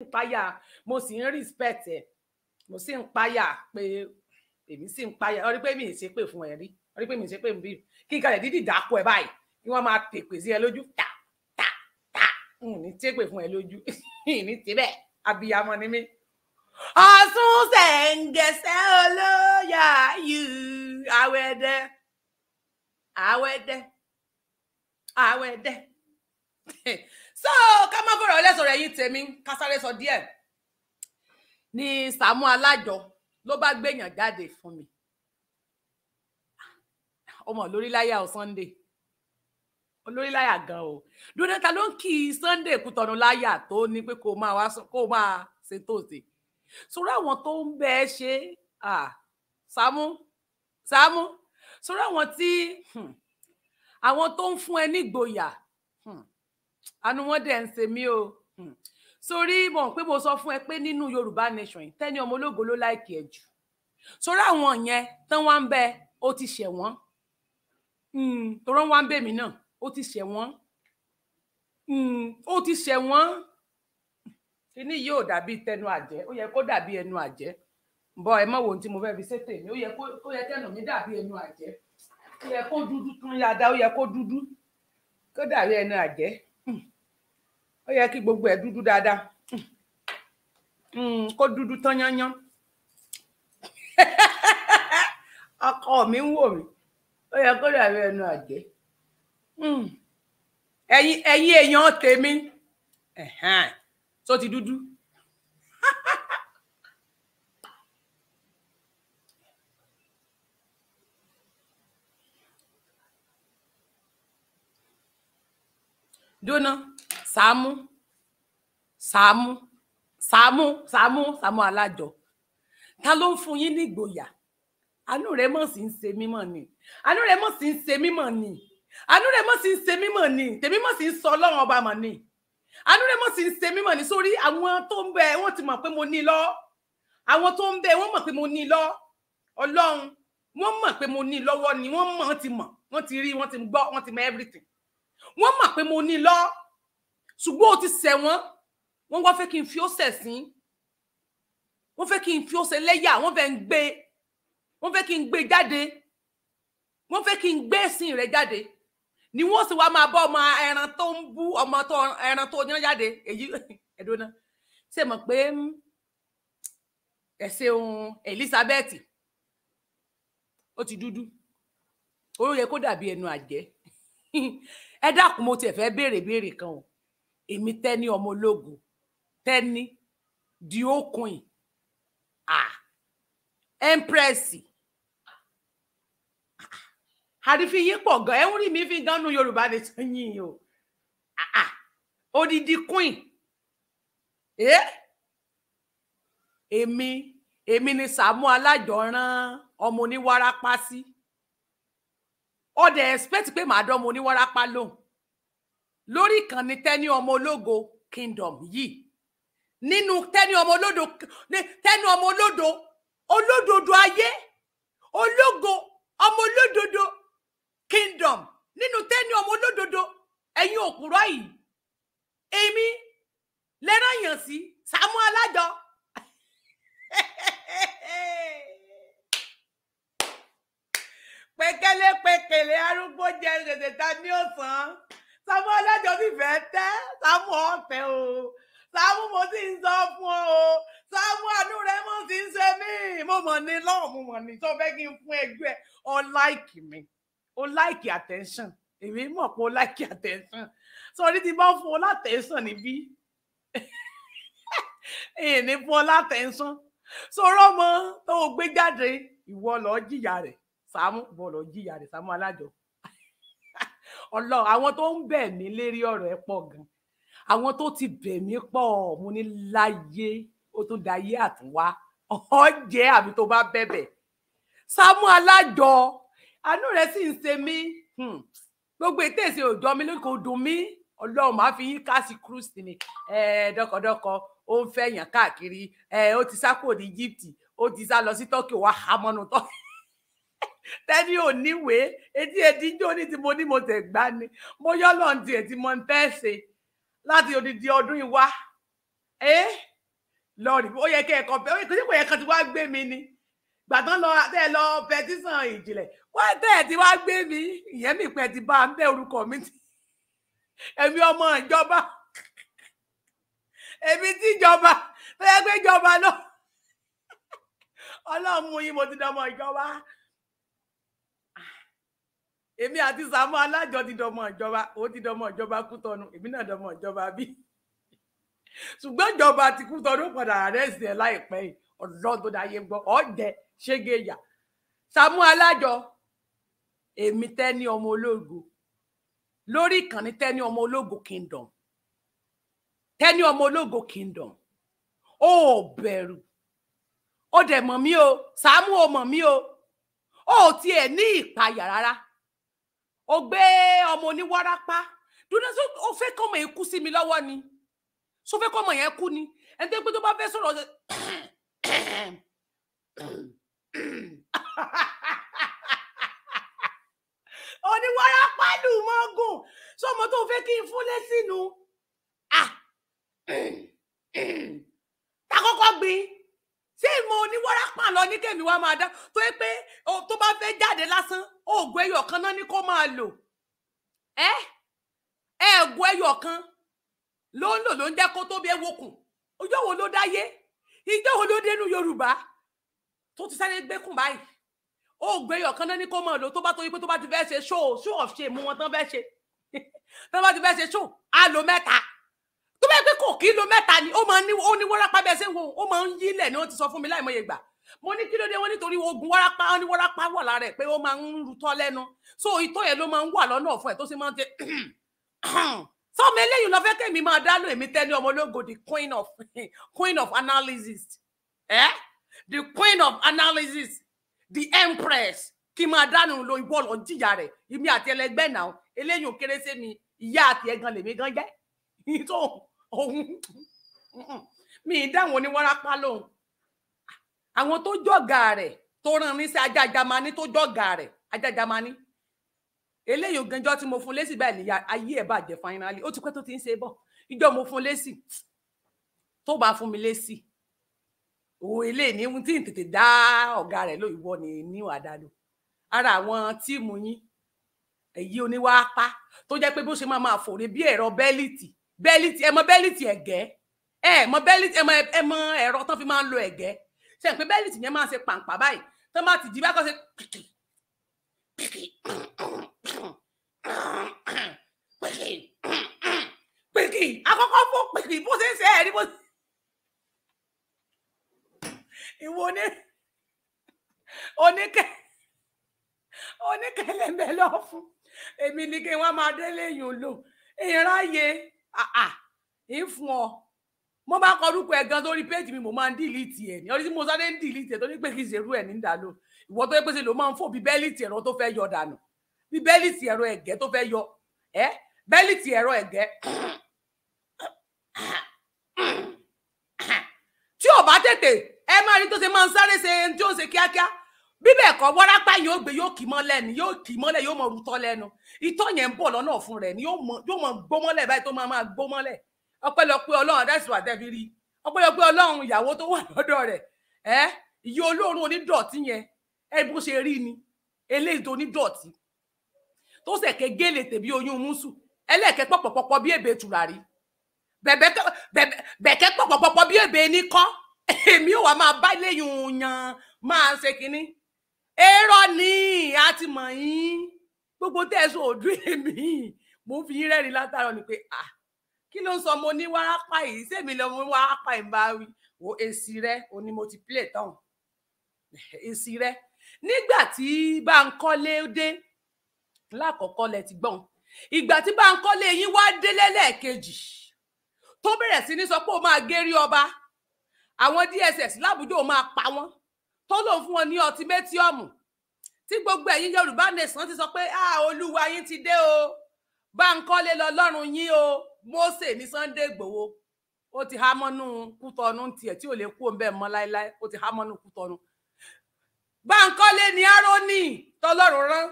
ń páyà mo sì ń respect ẹ mo sì ń páyà pé èmi sì ń páyà ọ rí pé mi ì ṣe pé fún ẹ rí ọ rí pé mi ì ṣe pé bí kí n kalẹ̀ dídì dákọ ẹ báyìí kí wọ́n máa tèpè sí ẹ lójú ta ta ta n ò ní tèpè fún ẹ lójú ní tibẹ̀ abiyamọ ni mí. Ọ̀ṣun ṣẹ̀ǹgẹ̀ṣẹ̀ olóyà yù àwẹ̀dẹ̀ àwẹ̀dẹ̀ àwẹ̀dẹ̀. so ká má fọ̀rọ̀ lẹ́sọ̀rọ̀ ẹ̀yìn tèmi ká sáré sọ díẹ̀ ni Sàámú Alájọ ló bá gbèyàn jáde fún mi ọmọ lóríláyà o Sunday olóríláyà gan o dúró ta ló ń kí Sunday kùtọ̀nù láyà tó ní pé kó máa wá kó máa ṣe tòsí sọ̀rọ̀ àwọn tó ń bẹ ẹ ṣe Sàámú Sàámú sọ̀rọ̀ àwọn tí hmm, àwọn tó ń fún ẹ nígboyà àánú wọn dẹ̀ ń ṣe mí o hmm. sórí mọ̀ pé mo sọ fún e pé nínú Yorùbá nation yìí Tenny ọmọ ológo ló láìkì ẹ jù sórí àwọn yẹn tán wá ń bẹ ó ti ṣẹ̀ wọ́n hmm. tọrọ wá ń bẹ mí náà ó ti ṣẹ̀ wọ́n hmm. ó ti ṣẹ̀ wọ́n kíní yìí ò dàbí tẹnu àjẹ́ ó yẹ kó dàbí ẹnu àjẹ́ bọ ẹ wo ohun tí mo fẹ́ fi ṣètè mi ó yẹ kó yẹ tẹnu mi dàbí ẹnu àjẹ́ ó yẹ kó dúdú tún yáda ó yẹ kó dúdú kó dàbí ẹnu àjẹ́. Hmm. ó yẹ kí gbogbo ẹ dúdú dáadáa hmm. Hmm, kó dúdú tán yányán ọkọ mi ń wò mí ó yẹ kó dàbí ẹnu àjẹ́ ẹ̀yin èèyàn tèmi tó ti dúdú. jóná sàámú sàámú sàámú sàámú sàámú alájọ ta ló ń fún yín ní ìgboyà àánú rẹ mọ̀ sí ń ṣe mímọ̀ ni àánú rẹ mọ̀ sí ń ṣe mímọ̀ ni àánú rẹ mọ̀ sí ń ṣe mímọ̀ ni tèmi mọ̀ sí ń sọ ọlọ́run ọba mọ̀ ni àánú rẹ mọ̀ sí ń ṣe mímọ̀ ni sórí àwọn tó ń bẹ wọ́n ti mọ̀ pé mo ní lọ àwọn tó ń bẹ wọ́n mọ̀ pé mo ní lọ ọlọ́run wọ́n mọ̀ pé mo ní lọ́wọ́ ni wọ́n mọ̀ ti mọ̀ wọ́n ti rí wọ́n ti gbọ́ wọ́n ti mọ̀ everything wọ́n mọ̀ pé mo ní lọ ṣùgbọ́n o ti sẹ̀ wọ́n wọ́n wá fẹ́ kí n fi ó sẹ̀ sí wọ́n fẹ́ kí n fi ó sẹ̀ lẹ́yà wọ́n fẹ́ ń gbé wọ́n fẹ́ kí n gbé jáde wọ́n fẹ́ kí n gbé ẹ̀sìn rẹ̀ jáde ni wọ́n sì wá máa bọ́ ọmọ ẹran tó ń bú ọmọ tó ẹran tó yán jáde èyí ẹ̀dọ́nà ṣe mọ̀ pé hmm, ẹ̀sìn Elizabeth ó ti dúdú ó yẹ kó dàbí ẹnu àjẹ́ ẹ dákun mo tiẹ̀ fẹ́ béèrè béèrè kan o èmi tẹ́ni ọmọ ológo tẹ́ni di okun yìí ah empress àrífín yín pọ̀ gan ẹ̀ ń rí mi fi gan nu yorùbá ni tó yìn o odidi queen èmi èmi ni Sàámú Alájọrán ọmọ oníwárápá sí. Si ọdẹ expect pé màá dánmọ oníwárapá lóhùn lórí ìkànnì tẹni ọmọ ológo kingdom yìí nínú tẹni ọmọ olódo tẹni ọmọ olódo olódodo ayé ológo ọmọ olódodo kingdom nínú tẹni ọmọ olódodo ẹ̀yin òkúrọ yìí èmi lẹ́ràn yàn sí Sàámú Alájọ. pékélé pékélé arúgbó jẹ gèdè ta ní ọ̀sán Sàámú ọlọ́jọ́ fìfẹ́ tẹ́ Sàámú ọ̀tẹ̀ o Sàámú mo ti ń sọ fún ọ o Sàámú àánú rẹ mo ti ń ṣe mí mo mọ̀ ní lọ́ọ̀ mo mọ̀ ní tó fẹ́ kí n fún ẹgbẹ́ ọ láìkì mi ó láìkì attention èmi mọ̀ pé ó láìkì attention sọrí ti bá fún ọ látẹ̀sán níbí èyí ní fún ọ látẹ̀sán sọ̀rọ̀ ọmọ tó o gbé jáde ìwọ lọ́ọ́ jìyà rẹ̀ Sàámú bọ̀lọ̀ jìyà rẹ̀ Sàámú Alájọ ọlọ àwọn tó ń bẹ̀ mí lérí ọ̀rọ̀ ẹ pọ̀ gan àwọn tó ti bẹ̀ mí pọ̀ mo ní láyé ó tún dayé àtúnwá ọ̀họ́ jẹ́ àbí tó bá bẹ̀bẹ̀ Sàámú Alájọ àánú rẹ̀ sì ń ṣe mí hmm. gbogbo ètè ìṣe òjọ mi lóko dùn mí Ọlọ́run máa fi yín káàsì cruise ni dọkọdọkọ ó ń fẹyàn káàkiri ó ti sá kúrò ní Egypt ó ti sá lọ sí Turkey wàá hámọ́nù Turkey tẹ́ni ò níwèé etí ẹtí jó ní tí mo ní mo tẹ̀ gbá ni mo yọ́ lọ́n tiẹ̀ tí mo ń fẹ́ ṣe láti odidi ọdún ìwá ẹ́ lọ́ọ̀rì ó yẹ kí ẹ̀kọ́ fẹ́ ó yẹ kó yẹ kan tí wàá gbé mi ni gbàtàn lọ tẹ́ lọ pẹtísàn ìjìnlẹ̀ wọ́n tẹ́ ẹ̀ tí wàá gbé mi ìyẹn mi pẹ́ ti bá ń bẹ́ orúkọ mi ti èmi ọmọ ìjọba èmi tí ìjọba tó yẹ pé ìjọba náà ọlọ́run mú yín mo ti dọmọ ìjọba èmi àti samu Alájọ ti dọmọ ìjọba ó ti dọmọ ìjọba Kútọ̀nù èmi náà dọmọ ìjọba bí ṣùgbọ́n ìjọba ti Kútọ̀nù padà àrẹ́sì ẹ̀ láìpẹ́ yìí ọ̀dọ́ tó dáyé gbọ́ ọ̀jẹ̀ ṣégeya Sàámú Alájọ èmi Tẹ́ni ọmọ ológo lórí ìkànnì Tẹ́ni ọmọ ológo kingdom Tẹ́ni ọmọ ológo kingdom ó bẹ̀rù ó dẹ̀ mọ̀ mí o Sàámú ó mọ̀ mí o ó tiẹ̀ ní ìpayà rárá ó gbé ọmọ oníwárápá dúdú sí ó fẹ́ kọ́mọ yẹn kú sí mi lọ́wọ́ ni sọ fẹ́ kọ́mọ yẹn kú ni ẹni tó pé tó bá fẹ́ sọ̀rọ̀ ọ̀sẹ̀. oníwárápá lù mọ́ gùn sọ tó fẹ́ kí n fún lẹ́sìn nu. Ah. ní kèmí wá máa dá tó yẹ pé tó bá fẹ́ jáde lásán oògùn ẹyọ kan náà ni kó máa lò ẹ ẹẹgùn ẹyọ kan ló ń lò ló ń jẹ́ kó tó bí ewokùn ọjọ́ wo ló dáyé ìjọ́ wo ló dénú Yorùbá tó ti sáré gbé kùn báyìí oògùn ẹyọ kan náà ni kó máa lò tó bá tó yí pé tó bá ti fẹ́ ṣe show show of shame mú wọn tán fẹ́ ṣe tán bá ti fẹ́ ṣe show á lò mẹ́ta tó bá yẹ pé kò kí lo mẹ́ta ni ó máa ní ó ní wọ́rápá bẹ́ẹ̀ ṣe ń wo ó máa ń yílẹ̀ ni wọ́n ti sọ fún mi láìmọye gbà mo ní kí ló dé wọn nítorí oògùn wárápá wọn ní wárápá wà lára ẹ pé ó máa ń rutọ lẹ́nu so ìtọ̀ yẹn ló máa ń wà lọ́nà ọ̀fun ẹ tó sì máa ń tẹ sọmọ eléyìí lọ fẹ́ kẹmí máa dá lóyún tẹni ọmọ ológo the queen of queen of analysis ẹ eh? the queen of analysis the empress kí máa dánù lo ìwọ lọ jìyà rẹ èmi àti ẹlẹgbẹ́ náà eléyìí ò kéré sí mi ìyá àti ẹgan lèmi gan jẹ ìtọ òun mi ìdáhùn oníwárápá lòun àwọn tó jọ̀gà rẹ̀ tó ràn ní sí ajájamani tó jọ̀gà rẹ̀ ajájamani eléyìí ganjọ́ tí mo fún lésì báyìí níyà ayé ẹ̀ bàjẹ́ finally ó ti pẹ́ tó ti ń ṣe bọ̀ ìjọ mo fún lésì tó bá fún mi lésì òun eléyìí ní ohun tí n tètè dá ọ̀gá rẹ̀ lóyìnbó ni ní àdálò ara àwọn tíìmù yín èyí oníwáápá tó jẹ́ pé bó ṣe máa máa fòrè bí ẹ̀rọ bẹ́lìtì bẹ́lìtì ẹ mọ̀ bẹ́lìtì ẹ̀gẹ́ ẹ mọ̀ bẹ́lìtì ẹ mọ̀ ẹ̀rọ tán fi máa ń lo ẹ̀gẹ́ ṣe pé bẹ́lìtì yẹn máa ń ṣe pàǹpà báyìí tó máa ti di bá kọ́ ṣe pìkì pìkì pìkì pìkì àkọ́kọ́ fún pìkì bó ṣe ń ṣe ẹ̀rí bó ìwọ ní oníkẹ oníkẹlẹmẹ lọ fún èmi ni kí wọn máa délé yòó lò ìráyè àà ìfún ọ mo bá kọ orúkọ ẹ gan lórí péjì mi mo máa ń dìlítì ẹ ní ọdún tí mo sáré ń dìlítì ẹ tó ní pé kí n ṣerú ẹ ní ìdálò ìwọ tó yẹ pé ṣe ló máa ń fò bí bẹ́lìtì ẹ̀rọ tó fẹ́ yọ dànù bí bẹ́lìtì ẹ̀rọ ẹ̀gẹ́ tó fẹ́ yọ ẹ bẹ́lìtì ẹ̀rọ ẹ̀gẹ́ tí ò bá tètè ẹ máa rí tó ṣe máa ń sáré ṣe tí ó ṣe kíákíá bí bẹ́ẹ̀ kọ́ wọ́rápá yóò gbé yóò kì mọ́lẹ̀ ni yóò kì mọ́lẹ̀ yóò mọ rutọ́ lẹ́nu itọ́ yẹn ń bọ̀ lọ́nà fún rẹ̀ ni yóò mọ gbó báyìí tó máa máa gbó ọpẹ́lọpẹ́ Ọlọ́run that's why tẹbi rí ọpẹ́lọpẹ́ Ọlọ́run ìyàwó tó wà lọ́dọ̀ rẹ̀ ẹ iye olóòórùn onídọ̀tí yẹn ẹ bó ṣe rí ni eléyìí tó onídọ̀tí tó sẹkẹ gélè tèbi oyún musu ẹlẹkẹ pọpọpọpọ bí èbè tùràrí bẹ̀kẹ pọpọpọpọ bí èbè nìkan èmi ò wá máa bá léyìn yan máa ṣe kínní èrò ni a ti mọ̀ yín gbogbo tẹ̀sán òdú èmi mò fi yín rẹ́rìn látara ni pé ah kí ló ń sọ mo ní wárápá yìí sẹ́mi lọ mo ní wárápá yìí bá wí o èsì rẹ o ni mo ti play tán èsì rẹ nígbà tí Báńkọ́lé dé lákọ̀ọ́kọ́ lẹ ti gbọ́n ìgbà tí Báńkọ́lé yín wá délé lẹ́ẹ̀kejì tó bẹ̀rẹ̀ sí ní sọ pé ó máa gérí ọba àwọn DSS lábùjọ ó máa pa wọ́n tó lòun fún wọn ní ọtímẹ́tíọ̀mù tí gbogbo ẹ̀yin Yorùbá nation ti sọ pé ah olúwa yín ti dé o Báńkọ́lé lọ lọ́rùn yín o Mose, ní Sunday Ìgbòho ó ti há mọ́nú Kútọ́nù tiẹ̀ tí ò lè kú òǹbẹ̀ mọ́ láéláé ó ti há mọ́nú Kútọ́nù. Báńkọ́lé ni Árónì tọlọ́run rán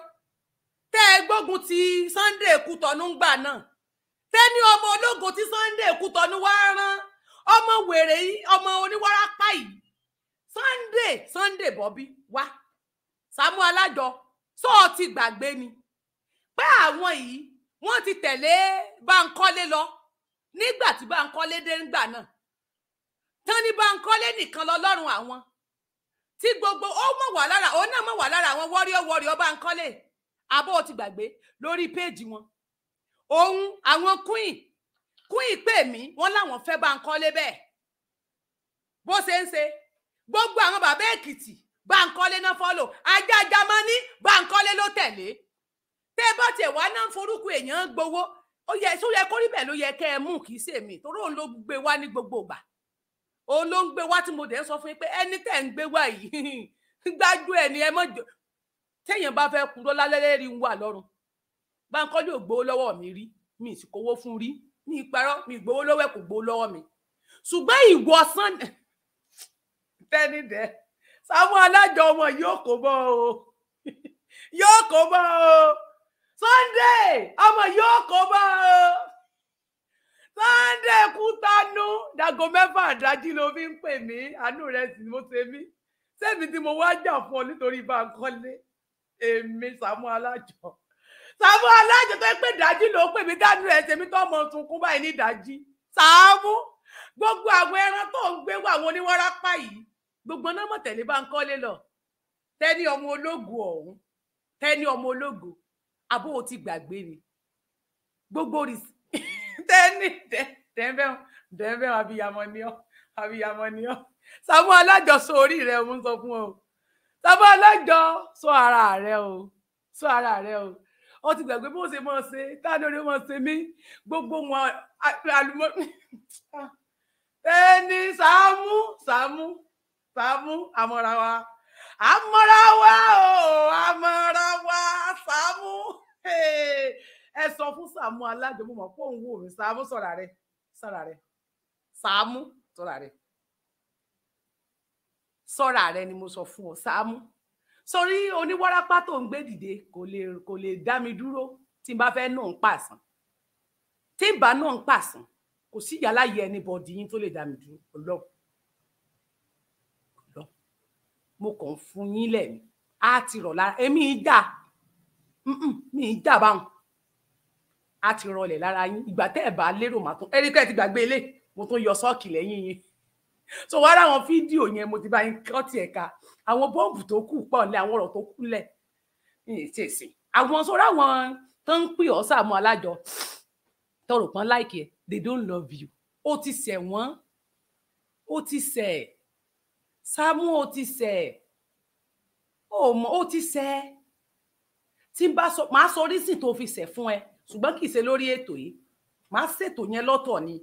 tẹ́ ẹ gbógun ti Sunday Kútọ́nù gbà náà tẹ́ni ọmọ ológun tí Sunday Kútọ́nù wá rán ọmọ wèrè yìí ọmọ oníwárápá yìí Sunday Sunday Bobby wá Samu Alájọ sọ ọ ti gbàgbé ni pé àwọn yìí wọ́n ti tẹ̀lé Báńkọ́lé lọ nígbà tí Báńkọ́lé dé ńgbà náà tán ní Báńkọ́lé nìkan lọ́lọ́run àwọn tí gbogbo ó mọ̀ wà lára òun náà mọ̀ wà lára àwọn wọ́ríọ́ wọ́ríọ́ Báńkọ́lé abọ́ ti gbàgbé lórí péèjì wọn òun àwọn queen queen pè mí wọ́n láwọn fẹ́ Báńkọ́lé bẹ́ẹ̀ bó ṣe ń ṣe gbogbo àwọn bàbá Èkìtì Báńkọ́lé náà fọ́lò ajá Jámánì Báńkọ́lé ló tẹ̀lé tẹ́ ẹ bá tiẹ̀ wá náà forúkọ èèyàn gbowó ó yẹ tó yẹ kó rí bẹ́ẹ̀ ló yẹ kẹ́ ẹ mú kì í ṣèmi torí òun ló gbé wá ní gbogbo ìgbà òun ló ń gbé wá tí mo dẹ̀ sọ fún yín pé ẹni tẹ̀ ń gbé wá yìí gbájú ẹ̀ ni ẹ mọ̀ jọ téèyàn bá fẹ́ kúrò lálẹ́ rí ń wà lọ́rùn Bánkọ́lé ò gbowó lọ́wọ́ mi rí mi sì kówó fún rí mi ìparọ́ mi gbowó lọ́wọ́ ẹ̀ kò gbowó lọ́wọ́ mi ṣùgbọ́n ìwọ sàn tẹ́ni dẹ̀ sáwọn alájọ ọmọ yóò kó bọ́ o yóò kó bọ́ o. Sunday ọmọ yóò kó bá o Sunday Kútánú dago mẹ́fà àdájí ló fi ń pè mí àánú rẹ sì mo ṣe mí sẹ́mi tí mo wá jà fún ọ nítorí Bánkọ́lé èmi Sàámú Alájọ Sàámú Alájọ tó pé ìdájí ló pè mí dánú ẹ̀ tèmi tó ọmọ sunkún báyìí ní ìdájí Sàámú gbogbo àwọn ẹran tó ń gbé wà àwọn oníwárápá yìí gbogbo náà mọ̀ tẹ̀lé Bánkọ́lé lọ tẹ́ni ọmọ ológo ọ̀hún tẹ́ni ọmọ ológo àbó o ti gbàgbé ni gbogbo rìsí tẹ́ni tẹ́ńbẹ́ tẹ́ńbẹ́ abiyamọ ni ọ́ abiyamọ ni ọ́ Sàámú Alájọ sọ orí rẹ mo ń sọ fún ọ Sàámú Alájọ sọ ara rẹ o sọ ara rẹ o ó ti gbàgbé bó ṣe máa ṣe tánórí máa ṣe mí gbogbo wọn àlùmọ ah. ẹni Sàámú Sàámú Sàámú àmọra wa àmọ́ra wa o àmọ́ra wa Sàámú ẹ sọ fún Sàámú Alájọ mo mọ̀ pé òun wò mí Sàámú sọ̀rọ̀ rẹ sọ̀rọ̀ rẹ Sàámú sọ̀rọ̀ rẹ sọ̀rọ̀ rẹ ni mo sọ fún ọ Sàámú sórí oníwárápá tó ń gbé dìde kò lè kò lè dá mi dúró tí n bá fẹ́ náà ń pàṣán tí n bá náà ń pàṣán kò sí ìyá láyé ẹni bọ̀dì yín tó lè dá mi dúró ọlọ́run mo kàn ń fún yín lẹ́nu á ti rọ̀ lára èmi ìjà mi ìjà báwọn á ti rọlẹ̀ lára yín ìgbà tẹ́ ẹ̀ bá lérò màá tún ẹ̀ríkẹ́ ti gbàgbé ilé mo tún yọ sọ́ọ̀kì lẹ́yìn yín so wàá ráwọn fídíò yẹn mo ti bá yín kọ́ tiẹ̀ ka àwọn bọ́ọ̀bù tó kù pọ̀ lé àwọn ọ̀rọ̀ tó kù lẹ̀ ṣèṣì àwọn sọ́rọ́ àwọn tó ń pè ọ́ sáàmù alájọ tọrọ pọ́n láìkì ẹ̀ they don't love you ó ti ṣẹ̀ wọ́n ó ti ṣẹ̀ ẹ̀ Saamu ó ti sẹ̀ ó mọ ó ti sẹ̀ tí n bá sọ màá sọ orísìn tó fi sẹ̀ fún ẹ ṣùgbọ́n kì í ṣe lórí ètò yìí màá ṣètò yẹn lọ́tọ̀ ni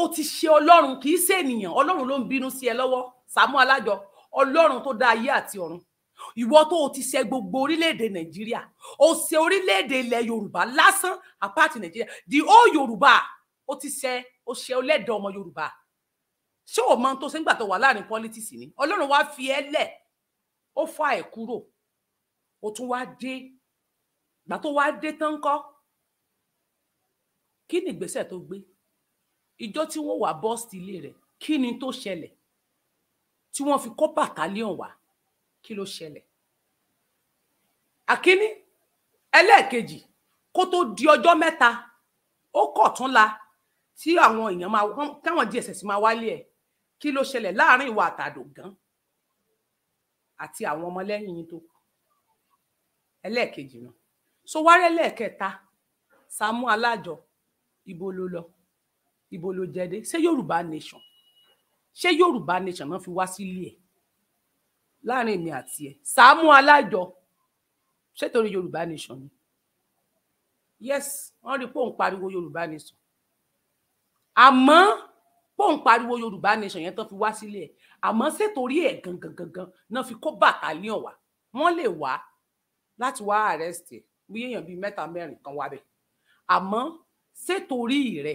ó ti ṣe ọlọ́run kì í ṣe ènìyàn ọlọ́run ló ń bínú sí ẹ lọ́wọ́ Sàámú Alájọ ọlọ́run tó dá ayé àti ọ̀run ìwọ tó o ti ṣe gbogbo orílẹ̀-èdè Nàìjíríà o ṣe orílẹ̀-èdè ilẹ̀ Yorùbá lásán apáàtì Nàìjíríà the whole Yorùbá ó ti ṣe ó ṣe ọlẹ́dàá ọmọ Yorùbá ṣé o máa ń tó sẹ́ńgbà tó wà láàrin politics ni ọlọ́run wá fi ẹ́ lẹ̀ ó fa ẹ̀ kúrò ó tún wá dé gbà tó wá dé tán kọ́ kí ni ìgbésẹ̀ tó gbé ìjọ tí wọ́n wà bọ́ọ̀sì ilé rẹ̀ kí ni tó ṣẹlẹ̀ tí wọ́n fi kó bàtálíọ̀n wá kí ló ṣẹlẹ̀ àkíní ẹlẹ́ẹ̀kejì kó tó di ọjọ́ mẹ́ta ó kọ̀ tún la tí àwọn èèyàn máa káwọn DSS máa wálé ẹ̀ kí ló ṣẹlẹ̀ láàrin ìwà àtàdògán àti àwọn ọmọlẹ́yìn yín tó ẹlẹ́ẹ̀kejì náà so wárẹ lẹ́ẹ̀kẹta Samu Alájọ ibo ló lọ ibo ló jẹdé ṣé Yorùbá nation ṣé Yorùbá nation náà fi wá sílé ẹ láàrin èmi àti ẹ Sàámú Alájọ ṣé torí Yorùbá nation ni yes wọn rí i pé òun pariwo Yorùbá nation àmọ́ òun pariwo yorùbá nation yẹn tán fi wá sílé ẹ àmọ́ sétorí ẹ gangan gangan náà fi kó bàtàlíọn wá wọn lè wá láti wá arrest ẹ bí èèyàn bíi mẹ́ta mẹ́rin kan wá bẹ àmọ́ sétorí rẹ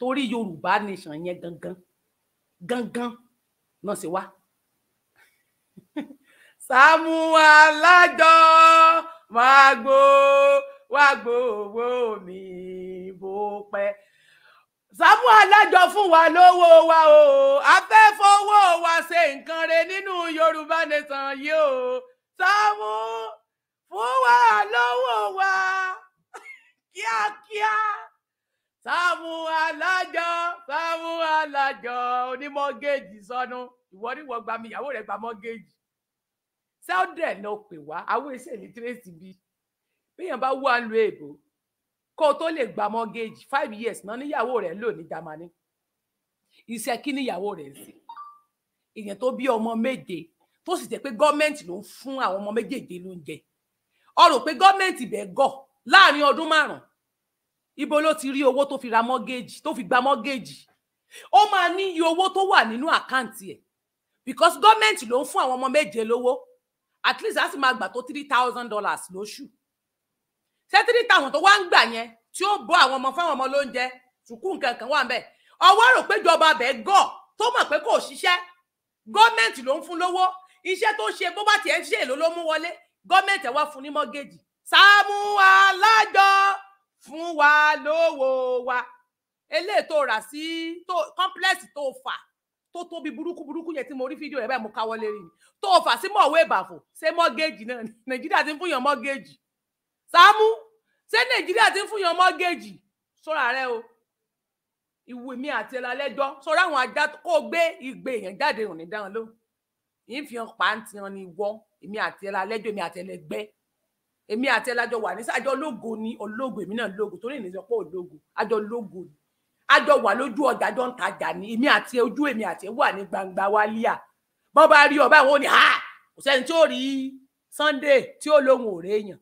torí yorùbá nation yẹn gangan gangan náà sì wá Sàámú Alájọ máa gbó wá gbó mi bó pẹ́ Sàámú Alájọ fún wa lówó wa o a fẹ́ fowó wa ṣe nǹkan re nínú Yorùbá nation yìí o Sàámú fún wa lówó wa kíákíá Sàámú Alájọ Sàámú Alájọ onímọ̀gẹ́jì sọnù ìwọ níwọ̀ gba mi ìyàwó rẹ̀ gba mọ́gẹ́jì sẹ́ọ̀dẹ̀ lọ pè wá àwọn èsì ẹ̀lẹ́tírẹ́sì bíi bí èèyàn bá wà ń lo èbó kó o tó lè gba mortgage five years náà níyàwó rẹ̀ lò ní Germany iṣẹ́ kí níyàwó rẹ̀ ń sìn èèyàn tó bí ọmọ méje tó sì jẹ́ pé gọ́ọ̀mẹ̀ntì ló ń fún àwọn ọmọ méjèèjì lóúnjẹ o rò pé gọ́ọ̀mẹ̀ntì bẹ́ẹ̀ gọ̀ láàrin ọdún márùn-ún ibo ló ti rí owó tó fi ra mortgage tó fi gba mortgage ó máa ní iye owó tó wà nínú àkáǹtì ẹ̀ because gọ́ọ̀mẹ̀ntì ló ń fún àwọn ọmọ méje lówó at least a sì máa gbà tó three thousand dollars lóṣù three thousand tó wá ń gbà yẹn tí ó bọ́ àwọn ọmọ fáwọn ọmọ lóúnjẹ sùkú nǹkan kan wà ń bẹ̀ ọwọ́ rò pé ìjọba abẹ́ gọ̀ tó mọ̀ pé kò ṣiṣẹ́ gọ́ọ̀mẹ̀ntì ló ń fún lówó iṣẹ́ tó ṣe bó bá tiẹ̀ ń ṣe èlò ló mú wọlé gọ́ọ̀mẹ̀ntì wá fún ní mọ́gẹ́jì Sàámú Alájọ fún wa lówó wa eléyìí tó rà sí tó kọ́ńplẹ́ẹ̀sì tó fà tó tóbi burúkú burúkú yẹn tí mo rí fídíò rẹ̀ báyìí mo káwọ́ lérí tó fà sí mọ̀wé ìbàfọ̀ ṣé mọ́gẹ́jì náà Nàìjíríà ti ń fún yàn mọ́gẹ́jì Samu, ṣé Nàìjíríà ti ń fún yan mọ́gẹ́jì sọ́ra rẹ o ìwé mi àti ẹ̀la lẹ́jọ́ sọ́ra àwọn ajá kó gbé ìgbé èèyàn jáde òní dáhùn ló yìí fi hàn pàǹtí hàn ní ìwọ èmi àti ẹ̀la lẹ́jọ́ èmi àti ẹlẹgbẹ́ èmi àti ẹlájọ wà ní sájọ lógo ni ológo èmi náà lógo torí ìnìyàn sọ pé ológo àjọ lógo ni àjọ wà lójú ọjà àjọ ń tajà ní èmi àti ojú èmi àti wà ní gbangba wálíà bọ́n bá rí ọba ìwọ ni ha kò sẹ́ni tí ó rí Sunday tí ó lóhun ò réèyàn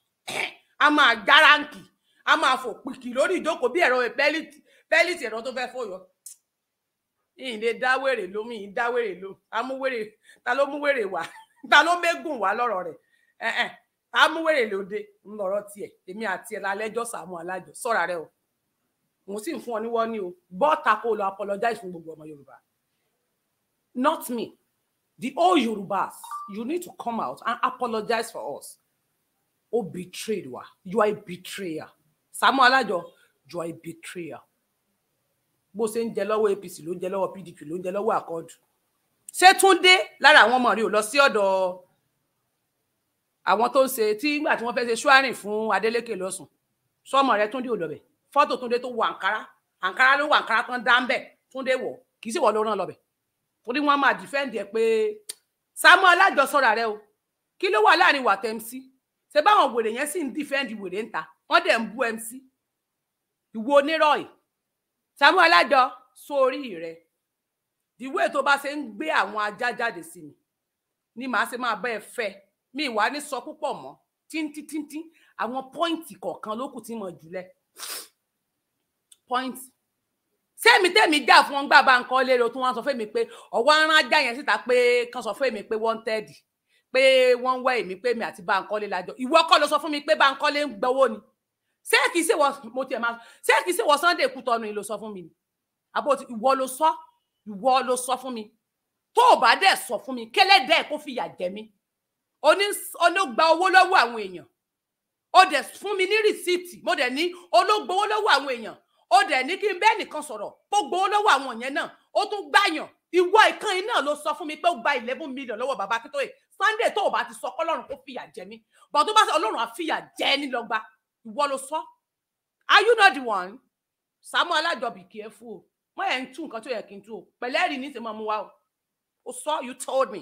a máa gáráǹkì a máa fò pìkì lórí ìjókòó bí ẹ̀rọ pẹ́lìtì ẹ̀rọ tó fẹ́ fòyọ yìí lè dá wèrè lómi yìí dá wèrè ló amúwèrè ta ló mú wèrè wá ta ló mégùn wá lọ́rọ̀ rẹ̀ ẹ̀ẹ́n amúwèrè lòde ńlọrọ̀ tiẹ̀ èmi àti ẹ̀ lálẹ́jọ́ sàmú alájọ sọ́ra rẹ o mo sì ń fún ọ ní wọ́n ní o bọ́ọ̀ta kó lọ apologize fún gbogbo ọmọ Yorùbá not me the whole Yorùbás you need to come out and apologize for us ó betrayed wa you are a betrayer Sàámú Alájọ you are a betrayer bó ṣe ń jẹ lọ́wọ́ APC ló ń jẹ lọ́wọ́ PDP ló ń jẹ lọ́wọ́ àkọọdù ṣé Túndé lára àwọn ọmọ rẹ̀ ò lọ sí ọ̀dọ̀ àwọn tó ń ṣe tí nígbà tí wọ́n fẹ́ẹ̀ ṣe ṣúárìn fún Adeleke lọsùn sọmọ rẹ̀ Túndé ò lọbẹ fọ́tò Túndé tó wọ àǹkárá àǹkárá ló wọ àǹkárá tán dá ń bẹ Túndé wọ kì í sì wọ ló rán lọbẹ torí wọ́n máa dìfẹ́ǹdì ẹ pé Sàámú Alájọ sọra o kí ló wà láàrin wàtẹ́mísí Se ba wèrè yẹn sì ń dìfẹ́ǹdì wèrè ń ta wọ́n dẹ̀ ń bú mc ìwo onírọ̀ yìí Samuel Alájọ sórí rẹ ìwé tó bá ṣe ń gbé àwọn ajá jáde sí mi ni màá ṣe máa bá ẹ fẹ́ mi ìwà ní sọ púpọ̀ mọ́ tíntíntín àwọn pọ́ìntì kọ̀ọ̀kan ló kù tí mo jùlẹ̀ pọ́ìntì sẹ́mi tẹ́mi jà fún wọn gbà ba ń kọ́ lérò tí wọ́n sọ fún mi pé ọ̀wọ́ arán ajá yẹn síta pé kan sọ fún mi pé wọ́ntẹ́ẹ̀dì pé wọ́n ń wá èmi pé èmi àti Báńkọ́lé lájọ ìwọ kọ́ ló sọ fún mi pé Báńkọ́lé ń gbowó ni ṣé kìí ṣèwọ mo tiẹ̀ máa ṣé kìí ṣèwọ Sunday Kútọ̀nù ni ló sọ fún mi ni àbò ìwọ ló sọ ìwọ ló sọ fún mi tó o bá dẹ̀ sọ fún mi kẹlẹ́dẹ̀ kó fìyà jẹ mí ológba owó lọ́wọ́ àwọn èèyàn o dẹ̀ fún mi ní rìsíìtì mo dẹ̀ ní ológba owó lọ́wọ́ àwọn èèyàn ó dẹ̀ ní kí n bẹ́ẹ̀ nìkan sọ̀rọ̀ kó gbowó lọ́wọ́ àwọn yẹn náà ó tún gbàyàn ìwọ ìkan iná ló sọ fún mi pé ó gba eleven million lọ́wọ́ bàbá Akíntóyè Sunday tó o bá ti sọ kọ́lọ́run kó fìyà jẹ mí but tó bá sọ Ọlọ́run á fìyà jẹ ẹ́ nílọ́gba ìwọ ló sọ are you not the one Sàámú Alájọbí careful o mọ ẹ̀ ń tú nǹkan tó yẹ kí n tú o pẹ̀lẹ́rì ní ìsìn máa mú wa o o sọ you told me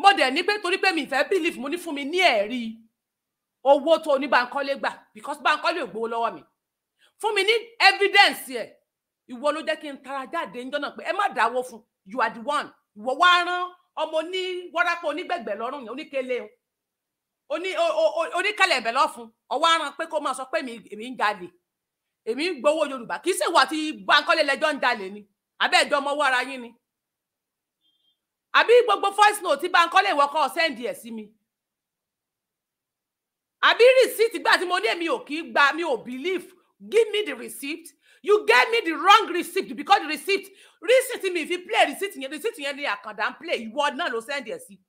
mo dẹ̀ ní pé torí pé mi ìfẹ́ belief mo ní fún mi ní ẹ̀rí owó tó ní Bankole gbà because Bankole ò gbowó lọ́wọ́ mi fún mi ní evidence yẹ ìwọ ló jẹ́ kí n tara jáde níjọ́ náà pé ẹ má dáwó fún you are the one ìwọ wá rán ọmọ oní wọ́rápọ̀ onígbẹ̀gbẹ̀ lọ́rùn yẹn oníkele o oníkẹlẹ̀bẹ̀ lọ́fun ọwọ́ aràn pé kó máa sọ pé èmi ń jalè èmi ń gbowó yorùbá kì í sì wà tí Bankole lẹ́jọ́ ń jalè ni abẹ́ ẹ̀jọ́ ọmọ ọwọ́ ara yín ni àbí gbogbo voice note tí Bankole ìwọ kọ́ sẹ́ndì ẹ̀ sí mi àbí receipt gbà tí mo ní èmi ò kì í gba mi ò believe give me the receipt you gave me the wrong receipt because the receipt receipt if you play receipt yẹn receipt yẹn ni àkàndá ń play ìwọ náà ló send the receipt.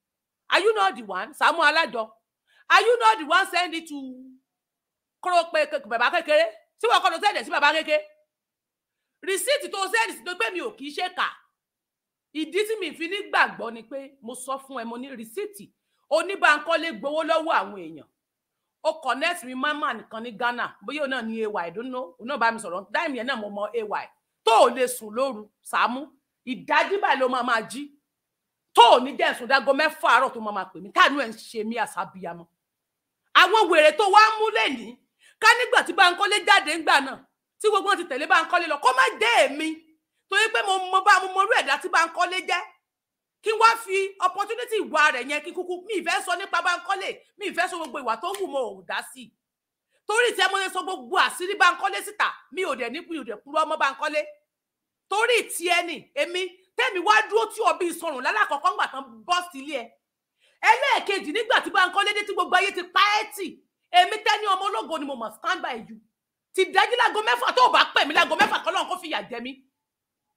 are you not the one Saamu Alájọ are you not the one send it to kúròpé bàbá kékeré tí wọn kọ́ send ẹ sí bàbá kékeré receipt tó send sí tó pé mi ò kì í ṣe kà ìdí tí mi fi ní gbàgbọ́ ni pé mo sọ fún ẹ mo ní receipt oníbànkọ́lé gbowó lọ́wọ́ àwọn èèyàn ó connect mi mama nìkan ní Ghana bóyá òun náà ní ay I don't know òun náà bá mi sọ̀rọ̀ dáìmì yẹn náà mo mọ ay tó ò lè sùn lóru Sàámú ìdájí báyìí ló máa máa jí tó ò ní jẹ́ ìsùn dágọ́ mẹ́fà àárọ̀ tó máa máa pè mí káàánú ẹ̀ ń ṣe mí àṣàbíyamọ́ àwọn wèrè tó wá mú lẹ́ni ká nígbà tí Báńkọ́lé jáde ńgbà náà tí gbogbo wọn ti tẹ̀lé Báńkọ́lé lọ kó má dé èmi torí pé mo mọ bá mo mọ orú ẹ̀dá tí Báńkọ́lé jẹ́ kí wá fi opportunity ìwà rẹ̀ yẹn kí kúkú mi ìfẹ́ sọ nípa Bankole mi ìfẹ́ sọ gbogbo ìwà tó wù mọ́ ò dá sí torí tí ẹ mọ ṣe sọ gbogbo àṣírí Bankole síta mi ò dẹ̀ ní mi ò dẹ̀ purọ́ ọmọ Bankole torí tí ẹ nì èmi tẹ́mi wá dúró tí ọbí sọrùn lálàkọ̀kọ́ ńgbà tán bọ́ọ̀sì ilé ẹ ẹlẹ́ẹ̀kejì nígbà tí Bankole dé tí gbogbo ayé ti pa ẹ́ tì èmi tẹ́ni ọmọ ológo ni mo mọ̀ stand by you ti dájú láago mẹ́fà tó o bá pè mí láago mẹ́fà kọ́lọ́run kó fìyà jẹ mí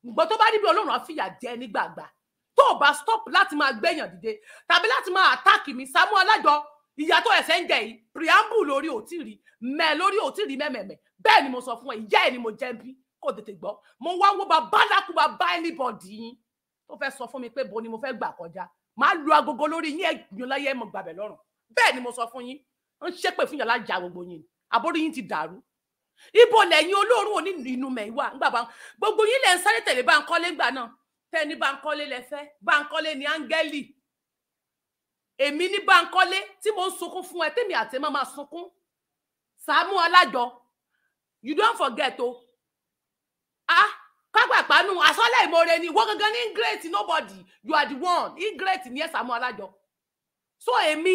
ǹgbọ́n tó bá níbi Ọlọ́run á fìyà jẹ nígbàgbà tó o bá stop láti máa gbẹ̀yàn dìde tàbí láti máa attack mi Sàámú Alájọ ìyá tó ẹ̀sẹ̀ ń jẹ yìí preamble lórí òtí rí mẹ́ lórí òtí rí mẹ́mẹ́mẹ́ bẹ́ẹ̀ ni mo sọ fún ẹ ìyá ẹ̀ ni mo jẹ́ bí kò tètè gbọ́ mo wá ń wo bàbá dákú bàbá anybody yín tó fẹ́ sọ fún mi pé bo ni mo fẹ́ gbà kọjá máa lu agogo lórí yín ẹ̀gbìn láyé ẹ̀ mọ̀ gbàbẹ̀ lọ́rùn bẹ́ẹ̀ ni mo sọ fún yín ń ṣépè fún yàrá ìjà gbogbo yín àbórí yín ti dàrú ibo lẹ́yìn olóorun òní inú mẹ́wàá gbàgbà gbogbo yín lẹ́ ń sáré tẹ̀lé bá ń kọ́lé gbà náà tẹni Bankole lẹfẹ Bankole ni áńgẹ́lì èmi ní Bankole tí mo ń sunkún fún ẹ tèmi àti màmá sunkún Sàámú Alájọ you don't forget o ah kápákpánu àsọlẹ̀ ìmoore ni wọ́n gangan ní great nobody you are the one great ní ẹ Sàámú Alájọ so èmi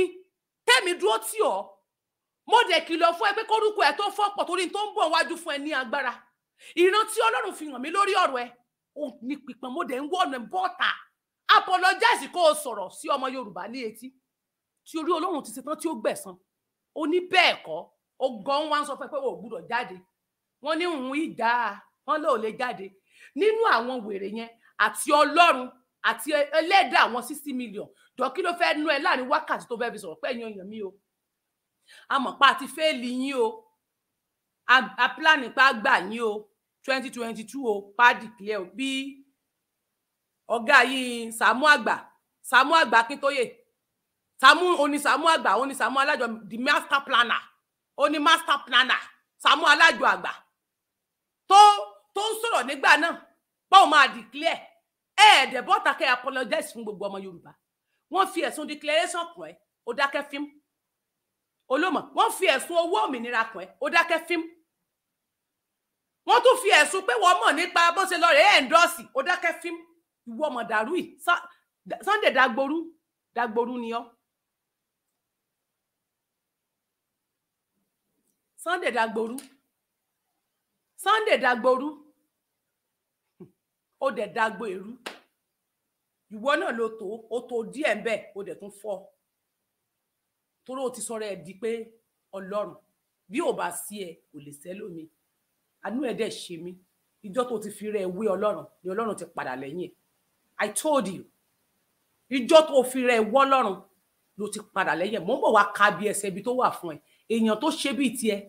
tèmi dúró tì ọ́ mo dẹ̀ kìlọ̀ fún ẹ pé kórúkọ ẹ tó fọ́pọ̀ torí tó ń bọ̀ wájú fún ẹ ní agbára ìrántí Ọlọ́run fi hàn mí lórí ọ̀rọ̀ ẹ ó ní pípọn mo dẹ̀ ń wọ ọ̀nà bọ́ọ̀tà apologize kó o sọ̀rọ̀ sí ọmọ Yorùbá ní etí tí orí Ọlọ́run ti ṣetán tí ó gbẹ̀san ó ní bẹ́ẹ̀ kọ́ ó gan wá ń sọ fún ẹ pé o ò gbúdọ̀ jáde wọ́n ní òun ìjà wọn lóò lè jáde nínú àwọn wèrè yẹn àti Ọlọ́run àti ẹlẹ́dàá àwọn sixty million dọ́kí ló fẹ́ nú ẹ láàrin wákàtí tó fẹ́ fi sọ̀rọ̀ pé ẹ̀yàn èèyàn mi o àmọ̀pá àti fẹ́ẹ̀lì yín o àpláàní pa gbà yín o twenty twenty two o pàdé clear o bí ọ̀gá yìí Sàámú àgbà Sàámú àgbà Akíntóyè Sàámú oní Sàámú àgbà oní Sàámú Alájọ the master planner oní master planner Sàámú Alájọ àgbà tó tó ń sọ̀rọ̀ nígbà náà báwo máa declare ẹ̀ẹ́dẹ̀ bọ́ta kẹ́ apologize fún gbogbo ọmọ Yorùbá wọ́n fi ẹ̀sùn declaration kàn ẹ́ ó dákẹ́ fíìmù olómọ wọ́n fi ẹ̀sùn owó òmìnira kàn ẹ́ ó dákẹ́ fíìmù wọ́n tún fi ẹ̀sùn pé wọ́n mọ̀ nípa bó ṣe lọ rẹ̀ ẹ̀ ń dọ́ọ̀sì ó dákẹ́ fím ìwọ ọmọ dàrú yìí Sunday Dagboru Dagboru ni ọ́ Sunday Dagboru Sunday Dagboru ó dẹ̀ dagbo èrú ìwọ náà ló tó ó tó díẹ̀ ń bẹ̀ ó dẹ̀ tún fọ́ toró ti sọ̀rọ̀ ẹ̀ di pé ọlọ́run bí ò bá sí ẹ kò lè sẹ́lómi àánú ẹ̀ dẹ̀ ṣe mí ìjọ tó ti fi rẹ̀ wé ọlọ́run ni ọlọ́run ti padà lẹ́yìn ẹ̀ i told you ìjọ tó fi rẹ̀ wọ́ ọlọ́run ló ti padà lẹ́yìn ẹ̀ mò ń bọ̀ wá ka bí ẹsẹ̀ ibi tó wà fún ẹ èèyàn tó ṣe bíi tiẹ̀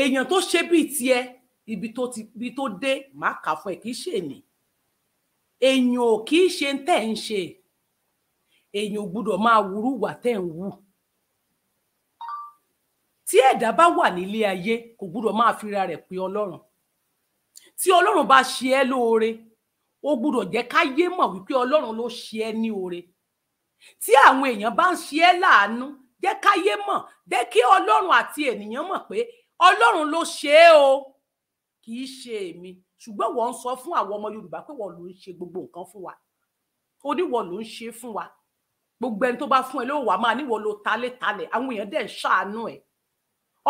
èèyàn tó ṣe bíi tiẹ̀ ibi tó ti ibi tó dé má kà fún ẹ kì í ṣe ènì èèyàn ò kì í ṣe tẹ̀ ń ṣe èèyàn ò gbúdọ̀ máa wúrú wà tẹ̀ ń wù tí ẹ̀dá bá wà nílé ayé kò gbúdọ̀ máa fira rẹ̀ pé ọlọ́run tí ọlọ́run bá ṣe ẹ́ lóore ó gbúdọ̀ jẹ́ káyé mọ̀ wípé ọlọ́run ló ṣe ẹ́ ní oore tí àwọn èèyàn bá ń ṣe ẹ́ láàánú jẹ́ káyé mọ̀ jẹ́ kí ọlọ́run àti ènìyàn mọ̀ pé ọlọ́run ló ṣe é o kì í ṣe èmi ṣùgbọ́n wọ́n ń sọ fún àwọn ọmọ yorùbá pé wọ́n ló ń ṣe gbogbo nǹkan fún wa ó ní wọ́n ló ń ṣe fún wa gbogbo ẹni tó bá fún ẹ ló wà máa ní wọ́n ló àwọn èèyàn dẹ̀ ń ṣàánú ẹ̀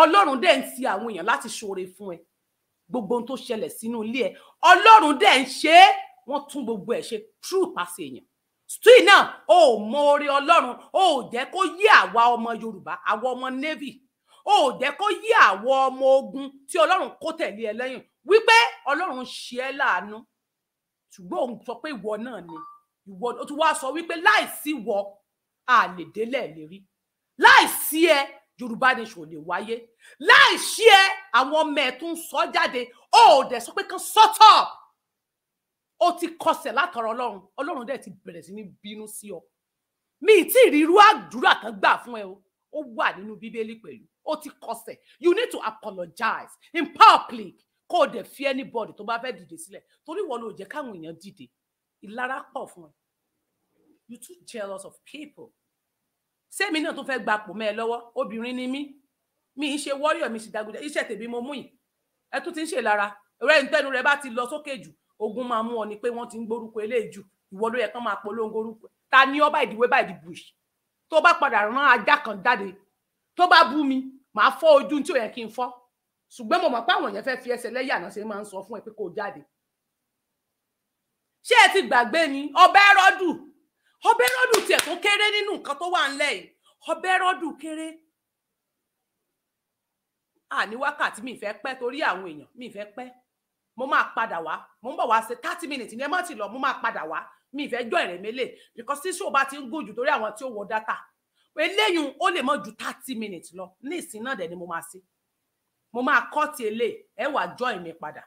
ọlọ́run dẹ̀ ń ti àwọn èèyàn láti ṣoore fún ẹ gbogbo ohun tó ṣẹlẹ̀ sínú ilé ẹ ọlọ́run dẹ̀ ń ṣe é wọ́n tún gbogbo ẹ̀ ṣe true pass èèyàn still náà o ò mọ oore ọlọ́run o ò jẹ́ kó yé àwa ọmọ yorùbá àwa ọmọ navy o ò jẹ́ kó yé àwa ọmọ ogun tí ọlọ́run kó tẹ̀lé ẹ lẹ́yìn wípé ọlọ́run ṣe ẹ́ láàánú ṣùgbọ́n òun sọ pé ìwọ náà ni ìwọ ó tún wá sọ wípé láìsí ìwọ a lè délẹ̀ láìsí ẹ yorùbá nation ò lè wáyé láì ṣí ẹ àwọn ọmọ ẹ tó ń sọ jáde ó ò dẹ̀ sọ pé kán sọ́tọ̀ ó ti kọsẹ̀ látọ̀rọ̀ ọlọ́run ọlọ́run dẹ̀ ti bẹ̀rẹ̀ sí ní bínú sí ọ mi tí ìrírú àdúrà kan gbà fún ẹ o ó wà nínú bíbélì pẹ̀lú ó ti kọsẹ̀ you need to apologize in public kó o dẹ̀ fi anybody tó bá fẹ́ dìde sílẹ̀ torí wọn ló jẹ́ káwọn èèyàn dìde ìlara pọ̀ fún ẹ you too jealous of people sẹ́mi náà tó fẹ́ gbapò mẹ́ ẹ lọ́wọ́ obìnrin ni mí mi ń ṣe wọ́ríọ̀ mi sì dàgùdà iṣẹ́ tèmi mo mú yìí ẹ tún ti ń ṣe lára rẹ ń tẹnu rẹ bá ti lọ sókè jù ogun máa mú ọ ni pé wọ́n ti ń gbórúkọ eléyìí jù ìwọ ló yẹ kán máa polongo orúkọ ta ni ọba ìdìwé bá ìdìbò yìí tó bá padà rán ajá kan jáde tó bá bú mi màá fọ́ ojú tí ò yẹ kí n fọ́ ṣùgbọ́n mo mọ̀ pé àwọn èèyàn fẹ́ fi ẹsẹ̀ lẹ́yìn àná ṣe máa ń sọ fún ẹ pé kó o jáde ṣé ẹ ti ọbẹ̀rọ̀dù tiẹ̀ tó kéré nínú nǹkan tó wà ńlẹ̀ yìí ọbẹ̀rọ̀dù kéré àní wákàtí mi fẹ́ pẹ́ torí àwọn èèyàn mi fẹ́ pẹ́ mo máa padà wá mo ń bọ̀ wá ṣe thirty minutes ní ẹ má ti lọ mo máa padà wá mi ìfẹ́ jọ ẹ̀rẹ̀ mélèé because tí ṣòba ti ń gùn jù torí àwọn tí ó wọ dátà eléyìí ó lè mọ ju thirty minutes lọ ní ìsìn náà dẹ̀ ni mo máa ṣe mo máa kọ́ ti eléyìí ẹ wá jọ ẹ̀mí padà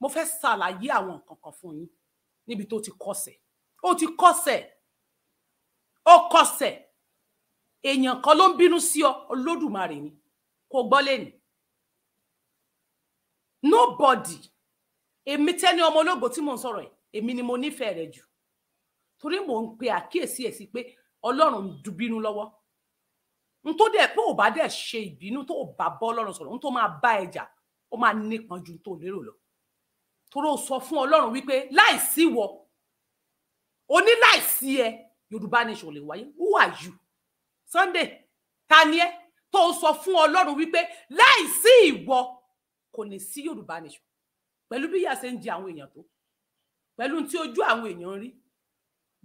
mo fẹ́ ṣàlàyé àwọn nǹkan kan fún yín níbi tó ti kọsẹ̀ ó ti kọsẹ̀ ó kọsẹ̀ èèyàn kan ló ń bínú sí ọ olódùmarè ni kò gbọ́ lẹ́nu nobody èmi tẹ́ni ọmọ ológo tí mò ń sọ̀rọ̀ ẹ̀ èmi ni mo nífẹ̀ẹ́ rẹ̀ jù torí mò ń pe àkíyèsí ẹ̀ sí pé ọlọ́run ń dubínú lọ́wọ́ n tó dẹ̀ pé ò bá dẹ̀ ṣe ìbínú tó bá bọ́ ọlọ́run sọ̀rọ̀ n tó máa bá ẹjà ó máa nípọn ju tó lérò lọ torí sọ fún ọlọ́run wípé láìsí wọ oní láìsí ẹ yorùbá nation lè wáyé who are you sunday ta ni ẹ tó sọ fún ọlọ́run wípé láì sí ìwọ kò ní sí yorùbá nation pẹ̀lú bí ìyà ṣe ń jẹ àwọn èèyàn tó pẹ̀lú tí ojú àwọn èèyàn rí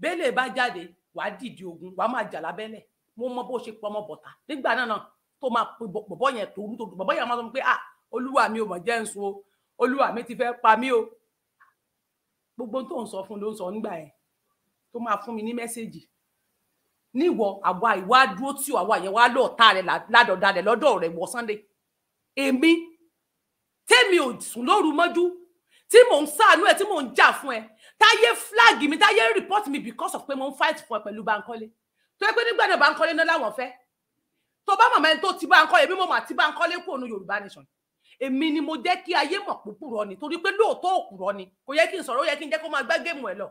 bẹ́lẹ̀ bá jáde wàá dìde ogun wàá máa jà lábẹ́lẹ̀ mo mọ bó ṣe pọ ọmọ bọ̀tà nígbà náà náà tó máa pe bọ̀bọ̀ yẹn tó rú tó rú bọ̀bọ̀ yẹn máa sọ pé ah olúwa mi ò mọ̀ jẹ́ ń sun o olúwa mi ti fẹ́ pa mí o gbogbo tó ń sọ fún ló ń sọ nígbà yẹn tó máa fún mi ní mẹ́sẹ̀gì níwọ àwa ìwà dúró tí ò àwa yẹn wá lọ́ọ̀tá rẹ ládọ̀dá rẹ lọ́dọ̀ rẹ wọ Sunday èmi tèmi ò sùn lóru mọ́jú tí mò ń ṣàánú ẹ tí mò ń jà fún ẹ táyé flag mi táyé report mi because of pé mo ń fight fún ẹ pẹ̀lú Bankole tó yẹ pé nígbà náà Bankole náà làwọn fẹ́ tó bá màmá ẹni tó ti Bankole èmi mo mà ti Bankole kúrò ní Yorùbá nation èmi ni mo jẹ́ kí ayé mọ̀ púpùrọ̀ ni torí pé lóòótọ́ òpùrọ̀ ni kò yẹ kí n sọ̀rọ̀ ó yẹ kí n jẹ́ kó máa gbá géèmù ẹ lọ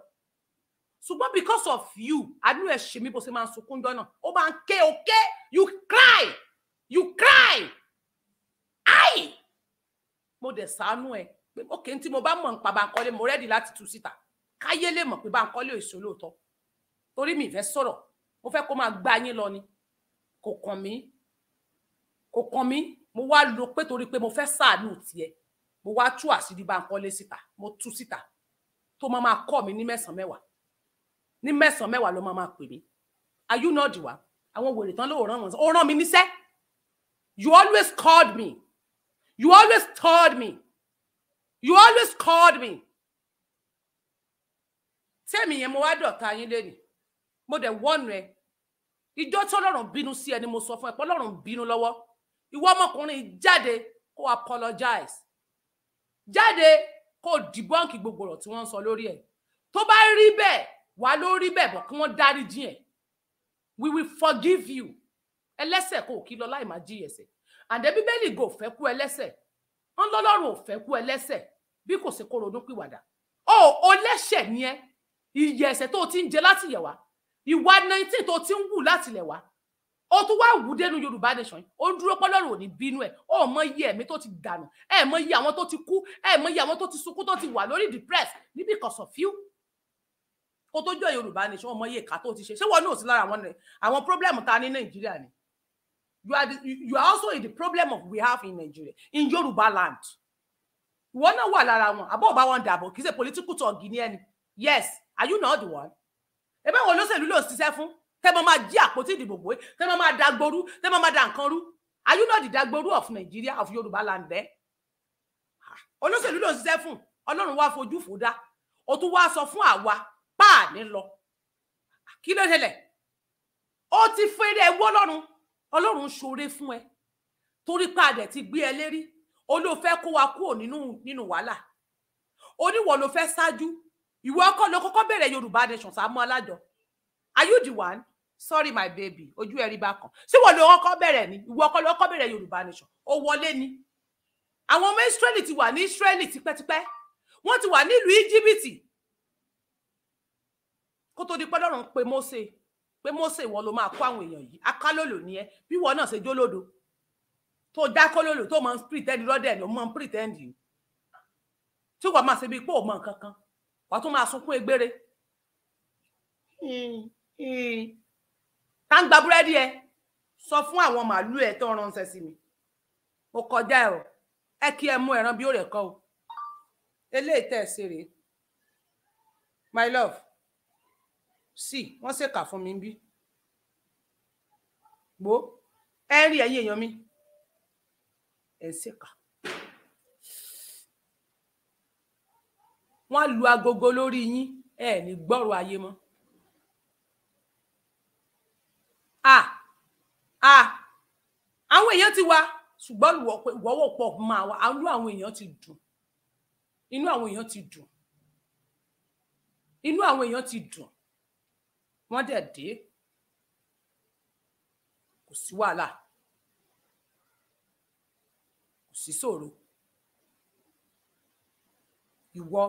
ṣùgbọ́n because of you àdúrà ẹ̀ ṣe mí bó ṣe máa ń sunkún jọ náà ó máa ń ké oké you cry you cry ai mo dẹ̀ sànú ẹ̀ pé Ok, tí mo bá mọ̀ nípa Bankole mo rẹ́dì láti tú síta káyé lè mọ̀ pé Bankole ò ṣe olóòótọ́ torí mi ìfẹ́ sọ̀rọ̀ mo fẹ́ kó máa gbá yín lọ ni kò kàn mí kò kàn mí mo wá lọ pé torí pé mo fẹ́ sàánú tiẹ̀ mo wá tú àṣírí Bankole síta mo tú síta tó máa máa kọ́ mi ní mẹ́sàn-án mẹ́wàá ní mẹ́sàn-án ló máa máa pè mí are you not wa àwọn wèrè tán ló ràn wọn ó ràn mí níṣẹ́ you always called me you always told me you always called me tẹ́mi yẹn mo wá dọ̀ta yín lẹ́nu mo dẹ̀ wọ́n rẹ ìjọ tó lọ́rùn bínú sí ẹni mo sọ fún ẹ pé lọ́rùn bínú lọ́wọ́ ìwọ ọmọkùnrin jáde kó apologize jáde kó debunk gbogbo ọ̀rọ̀ tí wọ́n ń sọ lórí ẹ̀ tó bá rí bẹ́ẹ̀ wà lórí bẹ́ẹ̀ bọ̀ kí wọ́n dáríjì ẹ̀ we will forgive you ẹlẹ́sẹ̀ kò kí lọ láì máa jí ẹ̀ṣẹ̀ àǹdẹ bíbélì gò fẹ́ kú ẹlẹ́sẹ̀ wọn lọ́lọ́run ò fẹ́ kú ẹlẹ́sẹ̀ bí kò sí kó ronú pìwàdà o ò lẹ́ṣẹ̀ ni ẹ ìyẹ̀ ẹ̀ṣẹ̀ tó o ti ń jẹ láti yẹ̀ wá ìwà nineteen tó o ti ń wù láti lẹ̀ wá ó tún wá wù dénú yorùbá nation yìí ó ń dúró pọlọrọ ò ní bínú ẹ ó mọ iye ẹ̀mí tó ti dànù ẹ mọ iye àwọn tó ti kú ẹ mọ iye àwọn tó ti sunkún tó ti wà lórí the níbi because of you kó tó jọ yorùbá ni ṣé wọn mọ iye ìka tó ti ṣe ṣé wọn náà sí lára àwọn àwọn problem ta ní nàìjíríà ni you are the, you are also the problem of we have in nigeria in yorùbá land ìwọ náà wà lára wọn àbọ̀ ọba wọn dàbọ̀ kì í ṣe political talk ní ẹni yes are you not the one ẹbẹ wọn olóṣèlú ló ṣiṣẹ́ fún tẹ mọ máa jí àpótí ìdìbò gbé tẹ mọ máa dagboru tẹ mọ máa da nǹkan rú are you not the dagboru of nigeria of yorùbá land there olóṣèlú ló ṣiṣẹ́ fún ọlọ́run wá fojú fò dá o tún wá sọ fún àwa páàní lọ kí ló ṣẹlẹ̀ ó ti fẹrẹ ẹ wọ lọ́run Ọlọ́run ṣoore fún ẹ torí pàdé ti gbé ẹ lérí ó ló fẹ́ kó wa kúrò nínú nínú wàhálà oníwọ ló fẹ́ ṣáájú ìwọ ọkọ ló kọ́kọ́ bẹ̀rẹ̀ Yorùbá nation Sàámú Alájọ are you the one sorry my baby ojú ẹ̀rí bá kan síwọ ló kọ́kọ́ bẹ̀rẹ̀ ni ìwọ ọkọ ló kọ́kọ́ bẹ̀rẹ̀ Yorùbá nation ó wọlé ni àwọn ọmọ Ísírẹ́lì ti wà ní Ísírẹ́lì tipẹ́tipẹ́ wọ́n ti wà nílùú íjíbítì kó tó di pé lọ́rùn pé Mósè pé Mósè ìwọ ló máa kó àwọn èèyàn yìí akálòlò ni ẹ bí ìwọ náà ṣe jólódo tó dákólòlò tó máa ń pretend lọ́dẹ̀ ni ó máa ń pretend yìí tí wọ́n máa ṣe bíi pé ò mọ nǹkan kan wọ́n tún máa sunkún egbére tá ń gba búrẹ́dì ẹ sọ fún àwọn màálù ẹ tó ránṣẹ́ sí mi mo kọjá ẹ o ẹ kí ẹ mú ẹran bí ó rẹ̀ kọ́ o eléyìí tẹ̀ ṣe rèé my love sí wọ́n ṣèkà fún mi bí gbó ẹ rí ẹyí èèyàn mi ẹ ṣèkà wọ́n lu agogo lórí yín ẹ ní gbọ́rọ̀ ayé mọ́ a a àwọn èèyàn ti wá ṣùgbọ́n ìwọ́wọ́ pọ̀ máa wá inú àwọn èèyàn ti dùn inú àwọn èèyàn ti dùn inú àwọn èèyàn ti dùn wọ́n dẹ̀ dé kò sí wàhálà kò sí ṣòro ìwọ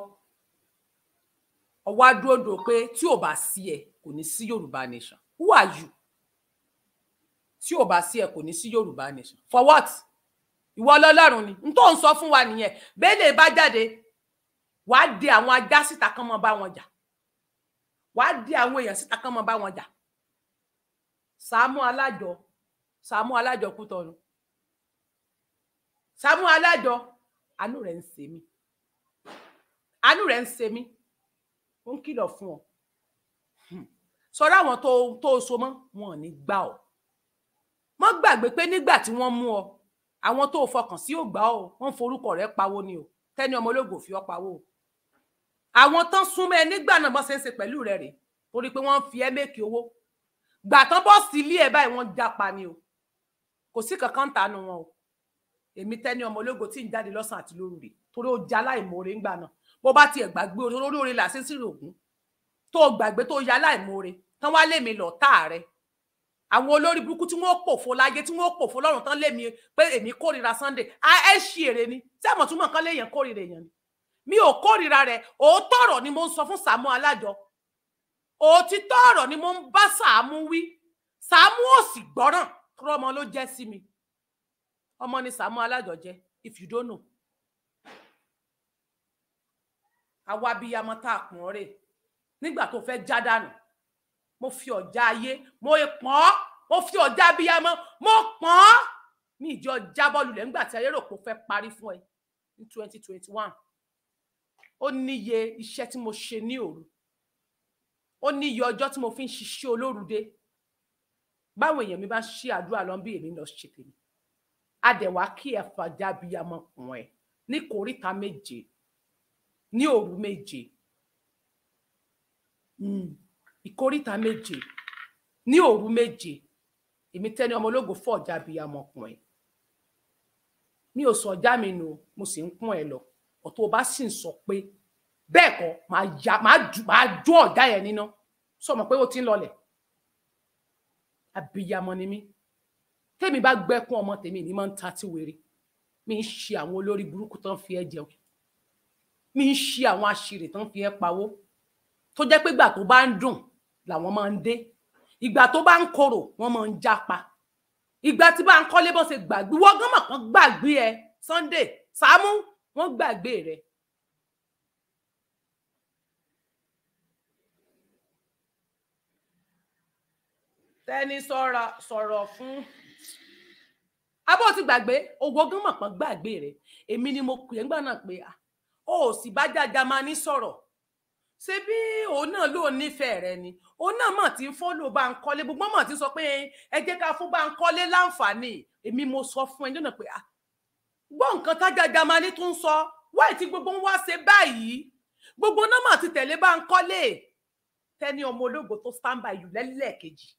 ọwá dúró pé tí ò bá sí ẹ kò ní sí Yorùbá nation who are you tí ò bá sí ẹ kò ní sí Yorùbá nation for what ìwọ ọlọ́lọ́run ni n tó ń sọ fún wa nìyẹn bẹ́ẹ̀ lè bá jáde wàá de àwọn ajá síta kán mọ́ bá wọn jà wàá di àwọn èèyàn síta kán mọ bá wọn jà Sàámú Alájọ Sàámú Alájọ kú tọnu Sàámú Alájọ àánú rẹ̀ ń ṣe mí àánú rẹ̀ ń ṣe mí ó ń kìlọ̀ fún ọ hmm. sọ̀rọ̀ àwọn tó tó so mọ́ wọn ò ní gbà ọ́ mọ́ gbàgbé pé nígbà tí wọ́n mú ọ àwọn tó fọkàn sí ò gbà ọ́ wọ́n forúkọ rẹ̀ pawó ni o tẹ́ni ọmọ ológo fi ọ́ pawó o àwọn tán súnmọ́ ẹ nígbà náà bọ́sẹ̀ ń ṣe pẹ̀lú rẹ̀ rè torí pé wọ́n fi ẹ́ méèkì owó gbà tán bọ́ọ̀sì ilé ẹ̀ báyìí wọ́n japa ni o kò sí kankan tànù wọn o èmi tẹ́ni ọmọ ológo tí ń jáde lọ́sàn àti lóru rè torí ó jalá ìmoore ńgbà náà bó bá tiẹ̀ gbàgbé olórí orin làṣẹ sí rògùn tó gbàgbé tó yalá ìmoore tán wá lèmi lọ tá rẹ àwọn olórí burúkú tí wọn pòfo láyé tí wọn pòfo lọ́rùn tán lèmi pé èmi kórìíra Sunday ẹ ṣì èrè ni tí àmọ̀túnmọ̀ kan lè yàn kórìíra èèyàn ni mi ò kórìíra rẹ̀ òótọ́ ọ̀rọ̀ ni mo ń sọ fún Sàámú Alájọ òtítọ́ ọ̀rọ̀ ni mo ń bá Sàámú wí Sàámú ò sì gbọ́ràn kúrò ọmọ ló jẹ́ sí mi ọmọ ni Sàámú Alájọ jẹ́ if you don't know àwa abiyamọ tá a kùn ọ́ rè nígbà tó fẹ́ já dànù mo fi ọ̀já ayé mo pọ́n mo fi ọ̀já abiyamọ mo pọ́n mi ìjọ jábọ́ lulẹ̀ nígbà tí ayé rò pé ó parí fún ẹ ní twenty twenty one ó níye iṣẹ́ tí mo ṣe ní òru ó níye ọjọ́ tí mo fi ń ṣiṣẹ́ olórudé báwọn èèyàn mi bá ṣí àdúrà lọ bí èmi lọ ṣe tèmi adẹ̀wà kí ẹ fàjà abiyamọ kùn ẹ ní kòríta méje ní òru méje hmm, ìkóríta méje ní òru méje èmi tẹni ọmọ ológo fọ ọjà abiyamọ kùn ẹ mi ò sọ ọjà mi nù mo sì ń kún ẹ lọ ọ̀tọ̀ ọba sì ń sọ pé bẹ́ẹ̀ kọ́ màá jó ọ̀gá yẹn níná sọmọ pé ó ti ń lọlẹ̀ abiyamọ ni mí tèmi bá gbẹ́kún ọmọ tèmi ní máa ń ta tí wèrè mi ń ṣe àwọn olórí burúkú tán fi ẹ jẹun mi ń ṣe àwọn àṣírí tán fi ẹ pawó tó jẹ́ pé ìgbà tó bá ń dùn làwọn máa ń dé ìgbà tó bá ń korò wọ́n máa ń jápa ìgbà tí bá ń kọ́lé bó ṣe gbàgbé wọ́n gánmọ̀ kan gbàgbé ẹ Sunday Sàámú wọ́n gbàgbé rẹ tẹni sọ̀rọ̀ sọrọ fún abọ́ ti gbàgbé owó gánmọ̀ pọ̀ gbàgbé rẹ̀ èmi ni mo pè é náà pé ó sì bá jáde máa ní sọ̀rọ̀ ṣé bí òun náà ló nífẹ̀ẹ́ rẹ ni òun náà mọ̀ tí ń fọ́lò bá ń kọ́lé gbogbo mọ̀ tí ń sọ pé ẹ jẹ́ ká fún bá ń kọ́lé láǹfààní èmi mo sọ fún ẹ náà pé gbọ́ nǹkan tágbàgbà máa ní tó ń sọ wáì tí gbogbo ń wá ṣe báyìí gbogbo nọ́mà ti tẹ̀lé bá ń kọ́lé tẹ́ni ọmọ ológo tó stand by you lẹ́lẹ́kejì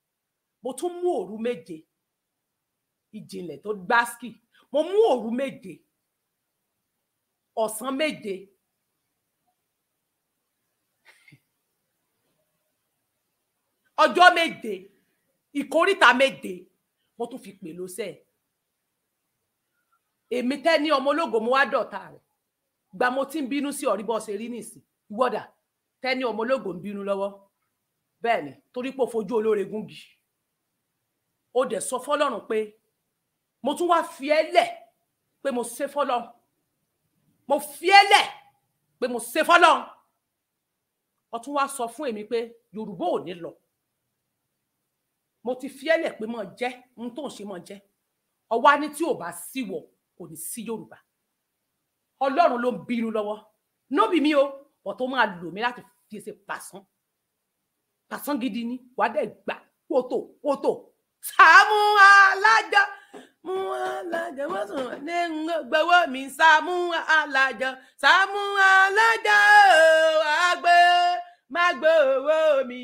mo tún mú òru méje ìjìnlẹ̀ tó gbáskì mo mú òru méje ọ̀sán méje ọjọ́ méje ìkóríta méje mo tún fi pè lọ́sẹ̀ẹ́ èmi tẹ́ ní ọmọ ológo mo wá dọ̀tá rẹ̀ gba mo ti ń bínú sí ọ̀rí bọ́ọ̀sì rí nìsín ìwọ́dà tẹ́ ní ọmọ ológo ń bínú lọ́wọ́ bẹ́ẹ̀ ni torí pé o fojú olóore gúngi o dẹ̀ sọ fọlọ́run pé mo tún wá fi ẹ́ lẹ̀ pé mo ṣe fọlọ́run mo fi ẹ́ lẹ̀ pé mo ṣe fọlọ́run o tún wá sọ fún èmi pé yorùbá ò ní lọ mo ti fi ẹ́ lẹ̀ pé mo jẹ́ ohun tó ń ṣe mo jẹ́ ọwọ́ á tí ò bá síwọ̀. Si kò ní sí yorùbá ọlọ́run ló ń bínú lọ́wọ́ nóbì mi o ọ̀ tó máa lò mí láti fi ṣe pàṣán pàṣán gidi ni wàá dẹ̀ gbà kótó kótó Sàámú Alájà mú Alájà wọ́n sùn ní gbowó mi Sàámú Alájà Sàámú Alájà wàá gbé má gbowó mi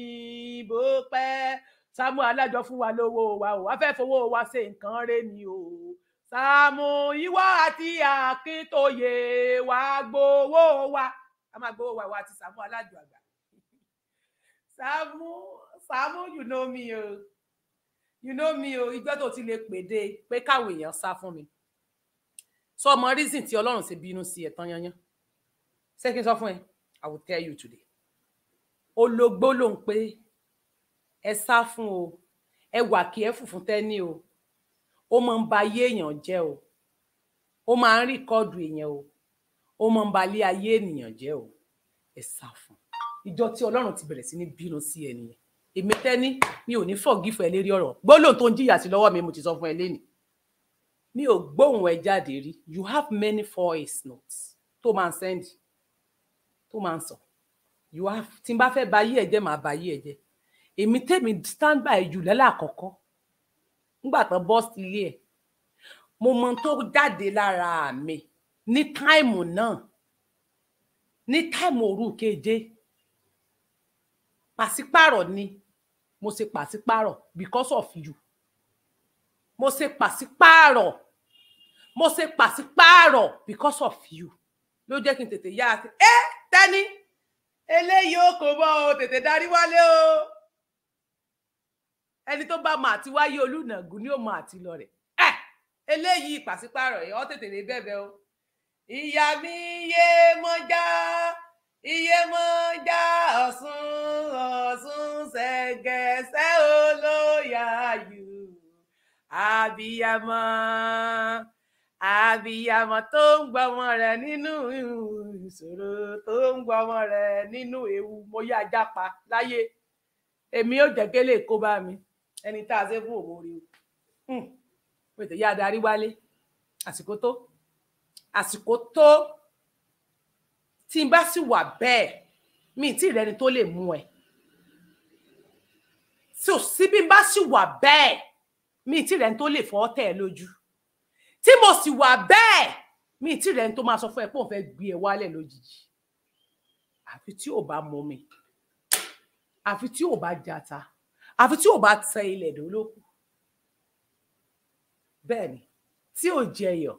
bó pẹ́ Sàámú Alájà fún wa lówó wa o wàá fẹ́ fowó wa ṣe nǹkan rẹ ni o. Sàámú ìwọ àti Akíntóyè wà gbowó wa a máa gbowó wa ìwọ àti Sàámú aládùn àgbà Sàámú Sàámú you know me o you know me o ìgbẹ́ tó ti lè pèdè pé káwọn èèyàn sá fún mi sọ ọmọ reason tí Ọlọ́run ṣe bínú sí ẹ tán yanyan ṣé sọ fún ẹ I will tell you today ológbó ló ń pé ẹ sá fún o ẹ wà kí ẹ fùfún tẹ́ ní o ó máa ń ba ayé èèyàn jẹ́ o ó máa ń rìkọ́ọ̀dù èèyàn o ó máa ń ba ilé ayé ènìyàn jẹ́ o ẹ sá fún ìjọ tí ọlọ́run ti bẹ̀rẹ̀ sí ní bínú sí ẹni yẹn èmi tẹ́ni mi ò ní forgive ẹ lérí ọ̀rọ̀ gbólóhùn tó ń jìyà sí lọ́wọ́ mi mo ti sọ fún ẹ lénìí mi ò gbóhùn ẹ jáde rí you have many voice notes tó máa ń send tó máa ń sọ you have tí n bá fẹ́ ba ayé ẹ jẹ́ màá ba ayé ẹ jẹ́ èmi tẹ́mi stand by jù lẹ́là àkọ́kọ́ nígbà tán bọ́ sílé ẹ̀ mo mọ tó jáde lára mi ní táìmù náà ní táìmù òru keje pàṣípàrọ̀ ni mo ṣe pàṣípàrọ̀ because of you mo ṣe pàṣípàrọ̀ mo ṣe pàṣípàrọ̀ because of you ló jẹ́ kí n tètè yára sí ẹ Tẹ́ni eléyìí ó kò bọ́ ọ tètè darí wálé o ẹni tó bá mọ àti wáyé olùnàgún ni ó mọ àti lọ rẹ̀ ẹ eléyìí pàṣípààrọ̀ yìí ọ tètè lè bẹ̀bẹ̀ o ìyá mi yé mọjá iye mọjá ọ̀sùn ọ̀sùn ṣẹ̀gẹ̀ṣẹ̀ olóyà yù àbíyamọ àbíyamọ tó ń gbọmọ rẹ nínú ìṣòro tó ń gbọmọ rẹ nínú ewu mo yá ajá pa láyé èmi yóò jẹ́ kí kó bá mi ẹni tá a ṣe fún òwò rí o pètè hmm. yá adarí wálé àsìkò tó àsìkò tó tí n bá sì wà bẹ́ẹ̀ mi ì tí ì rẹni tó lè mú ẹ tó sí bí n bá sì wà bẹ́ẹ̀ mi ì tí ì rẹni tó lè fọ́ tẹ̀ lójú tí mo sì wà bẹ́ẹ̀ mi ì tí ì rẹni tó máa sọ fún ẹ pé òun fẹ́ gbé ẹ wálẹ̀ lójijì àfi tí ò bá mọ mi àfi tí ò bá jata àfi tí ò bá tẹ ilẹ̀ dó lókù bẹ́ẹ̀ ni tí ò jẹyọ̀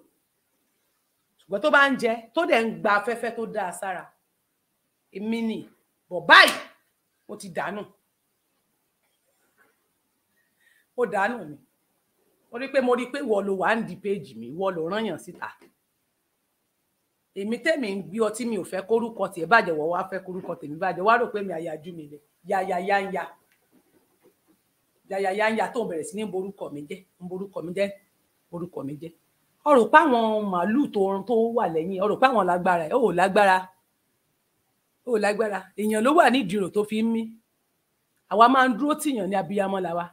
ṣùgbọ́n tó bá ń jẹ tó dẹ̀ ń gba afẹ́fẹ́ tó dáa sára èmi nì bọ̀ báyìí mo ti dànù ó dànù mi mo rí pé mo rí pé ìwọ ló wà ń di péjì mi ìwọ ló rányàn síta èmi tẹ́mi ń gbé ọtí mi ò fẹ́ kórúkọ tiẹ̀ bàjẹ́ wọ́n wá fẹ́ kórúkọ tèmi bàjẹ́ wá rò pé mi àyájú mi lẹ̀ yáyáyáyá. yàyàyàyà tó bẹ̀rẹ̀ sí ní borúkọ mi jẹ́ borúkọ mi jẹ́ borúkọ mi jẹ́ ọ̀rọ̀ pé àwọn màálùú tó tó wà lẹ́yìn ọ̀rọ̀ pé àwọn lágbára ẹ̀ ò lágbára ò lágbára èèyàn ló wà nídìí rò tó fi ń mí àwa máa ń dúró tìyàn ní abiyamọ làwa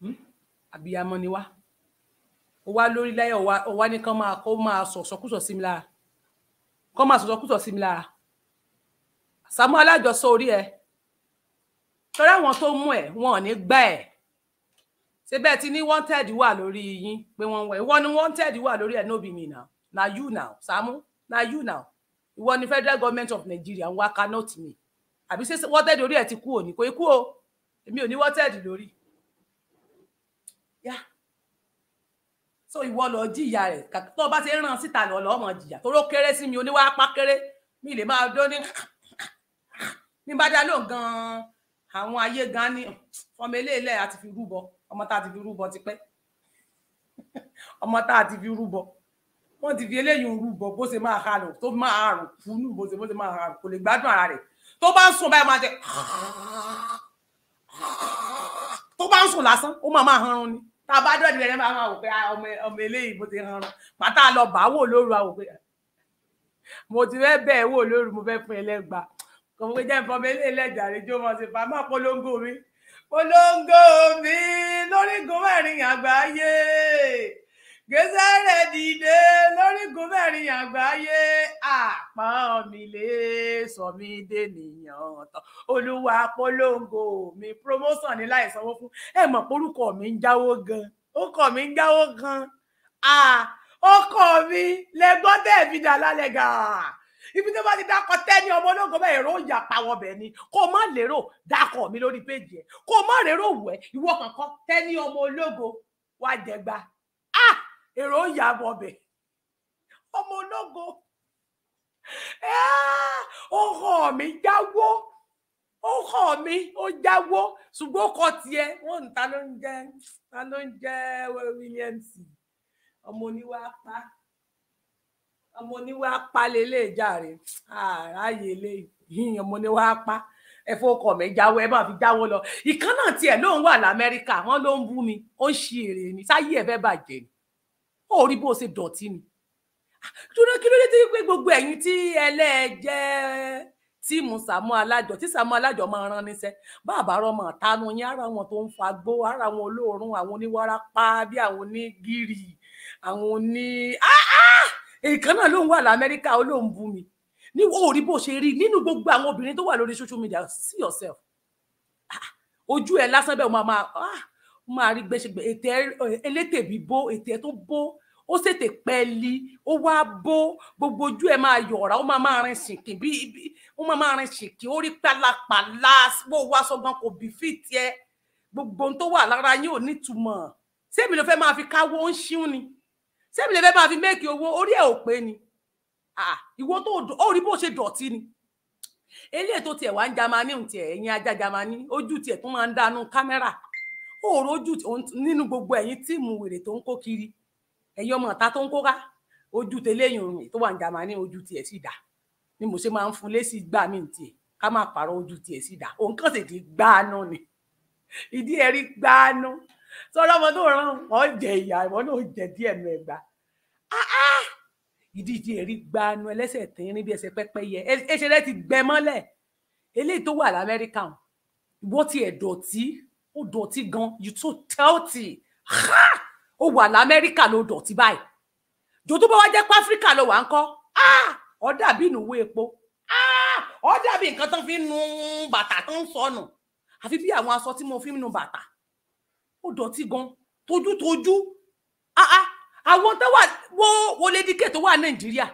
hmm? abiyamọ ni wá ó wá lórí láyé ó wá ní kán máa kó máa sọ̀sọ̀kúsọ sí mi lára kán máa sọ̀sọ̀kúsọ sí mi lára Sàámú alájọsọ orí ẹ̀ torí àwọn tó mú ẹ wọn ò ní gbà ẹ ṣé bẹ́ẹ̀ ti ní wanted wà lórí yín pé wọ́n wẹ̀ ìwọ ni wanted wà lórí ẹ̀ nóbi mi now na you now Saamu na you now ìwọ ni federal government of Nigeria ń wá cannot me àbí ṣé wanted orí ẹ̀ ti kú òní kò ikú o èmi ò ní wanted lórí yá so ìwọ lọ jìyà rẹ tó o bá ṣe ń ràn síta lọ lọ́mọ jìyà tó ló kéré sí mi oníwà apá kéré mi lè máa dó ní mi bá dá lóhùn gan àwọn ayé gan ni ọmọ eléyìí àti fi rúbọ ọmọ tá a ti fi rúbọ tipẹ́ ọmọ tá a ti fi rúbọ wọ́n ti fi eléyìí ń rúbọ bó ṣe máa ha lò tó máa rò kú nù bó ṣe bó ṣe máa ha kò lè gbádùn ara rẹ̀ tó bá ń sùn báyìí máa jẹ tó bá ń sùn lásán ó máa máa hanrun ni tá a bá dọ̀dì rẹ̀ máa máa wò pé ah, ọmọ eléyìí bó ṣe hanrun pátá lọ bàá wò lóru àwò pé ah, mo ti fẹ́ bẹ́ẹ̀ wò lóru mo fẹ́ fún ẹlẹ́gbàá kò mọ̀ pé jẹ́ nǹkan bẹ́ẹ̀ lè lẹ́jà rẹ̀ jó mọ̀ sí pa máa polongo mi polongo mi lórígun mẹ́rin àgbáyé gbèsè rẹ̀ dìde lórígun mẹ́rin àgbáyé àpọ́n mi lè sọ mí dènìyàn tán olúwa polongo mi promotion ni láì sanwó fún ẹ mọ̀ pé orúkọ mi ń jáwó gan orúkọ mi ń jáwó gan ọkọ mi lẹ́gbọ́n tẹ̀ fi dà lálẹ́ gàá ibi tó bá ti dákọ tẹ́ni ọmọ ológo bẹ́ẹ̀ èrò ìyá pàwọ̀ bẹ̀ ni kó má lérò dákọ̀ mi lórí péjì ẹ̀ kó má lérò wẹ̀ ìwọ kankan tẹ́ni ọmọ ológo wá jẹgba ah èrò ìyá wọ̀ bẹ̀ ọmọ ológo ọkọ mi jáwó ọkọ mi ó jáwó ṣùgbọ́n ọkọ tiẹ̀ wọ́n ń ta ló ń jẹ́ ta ló ń jẹ́ Williams ọmọ oníwàpá ọmọ oníwà pa lélẹ̀ jàre àráyé lè yíyan ọmọ oníwà pa ẹ fọkọ mi jáwọ ẹ máa fi jáwọ lọ ìkan náà tiẹ̀ lóun wà lamẹ́ríkà wọn ló ń bú mi ó ń ṣe èrè mi sáyé ẹ fẹ́ bàjẹ́ ni ó rí bó ṣe dọ̀tí ni dúró kí ló dé tí pé gbogbo ẹ̀yin tí ẹlẹ́ẹ̀jẹ́ tíìmù Sàámú Alájọ tí Sàámú Alájọ máa rán níṣẹ́ bàbá rọmọ àtànú yín ara wọn tó ń fa gbó ara wọn olóòórùn àwọn oníwárapá bí àwọn onígìrì àwọn oní èèkan náà lòun wà lamẹ́ríkà ó lòun bú mi ní òòrí bó ṣe rí nínú gbogbo àwọn obìnrin tó wà lórí social media see yourself ah, ojú ẹ lásán bẹ́ẹ̀ máa máa ah, máa rí gbèsègbè ètè elétè bíbó ètè tó bó ó ṣètè pẹ́ẹ́lí ó wá bó gbogbo ojú ẹ máa yọ̀ọ̀rá ó máa máa rin ṣìnkì bí ó máa máa rin ṣìnkì ó rí pálapàla bó wá sọgbọn kò bí fìtì ẹ gbogbo ohun tó wà lára yín ò nítumọ̀ sẹ́mi ló fẹ́ máa fi káwọ́ ń ṣíún ni sẹ́mi lè fẹ́ máa fi méèkì owó orí ẹ̀ ò pé ni ah, ìwọ tó ó rí bó ṣe dọ̀tí ni eléyìí tó tiẹ̀ wá ń jamani ń tiẹ̀ ẹ̀yin ajá jamani ojú tiẹ̀ tó máa ń dánú kámẹ́rà òòrò ojú nínú gbogbo ẹ̀yin tíìmù wèrè tó ń kó kiri ẹ̀yin ọmọ ọ̀tá tó ń kóra ojú tẹlẹ́yìn òrìn tó wà ń jamani ojú tiẹ̀ sì dá ni mo ṣe máa ń fún lésì gbà mí tiẹ̀ ká máa pààrọ̀ ojú tiẹ̀ sì dá òun kàn sì di gbáàánú ni ìdí ẹ̀rí gbáàánú sọ̀rọ̀ ọmọ tó rán wọn jẹ ìyá ìwọ náà jẹ díẹ̀ nù ẹ̀gbá ah, ah! ìdíje èrí gba anu ẹlẹ́sẹ̀ tínrín bí ẹsẹ̀ pẹ́pẹ́yẹ ẹsẹ̀ rẹ ti gbẹ mọ́lẹ̀ eléyìí tó wà lamẹ́ríkà ìwọ ti ẹ̀ dọ̀tí ó dọ̀tí gan you too healthy ó wà lamẹ́ríkà ló dọ̀tí báyìí jòtó bá wá jẹ́ pé áfíríkà ló wà ń kọ́ ah! ó dàbí ìnùwó epo ó dàbí nǹkan tán fi ń nu bàtà tó ń sọnù àfi bí àwọn aṣọ tí mo fi ń nu bàtà ó dọ̀tí gan ah, ah àwọn tó wà wo wo lady k tó wà nàìjíríà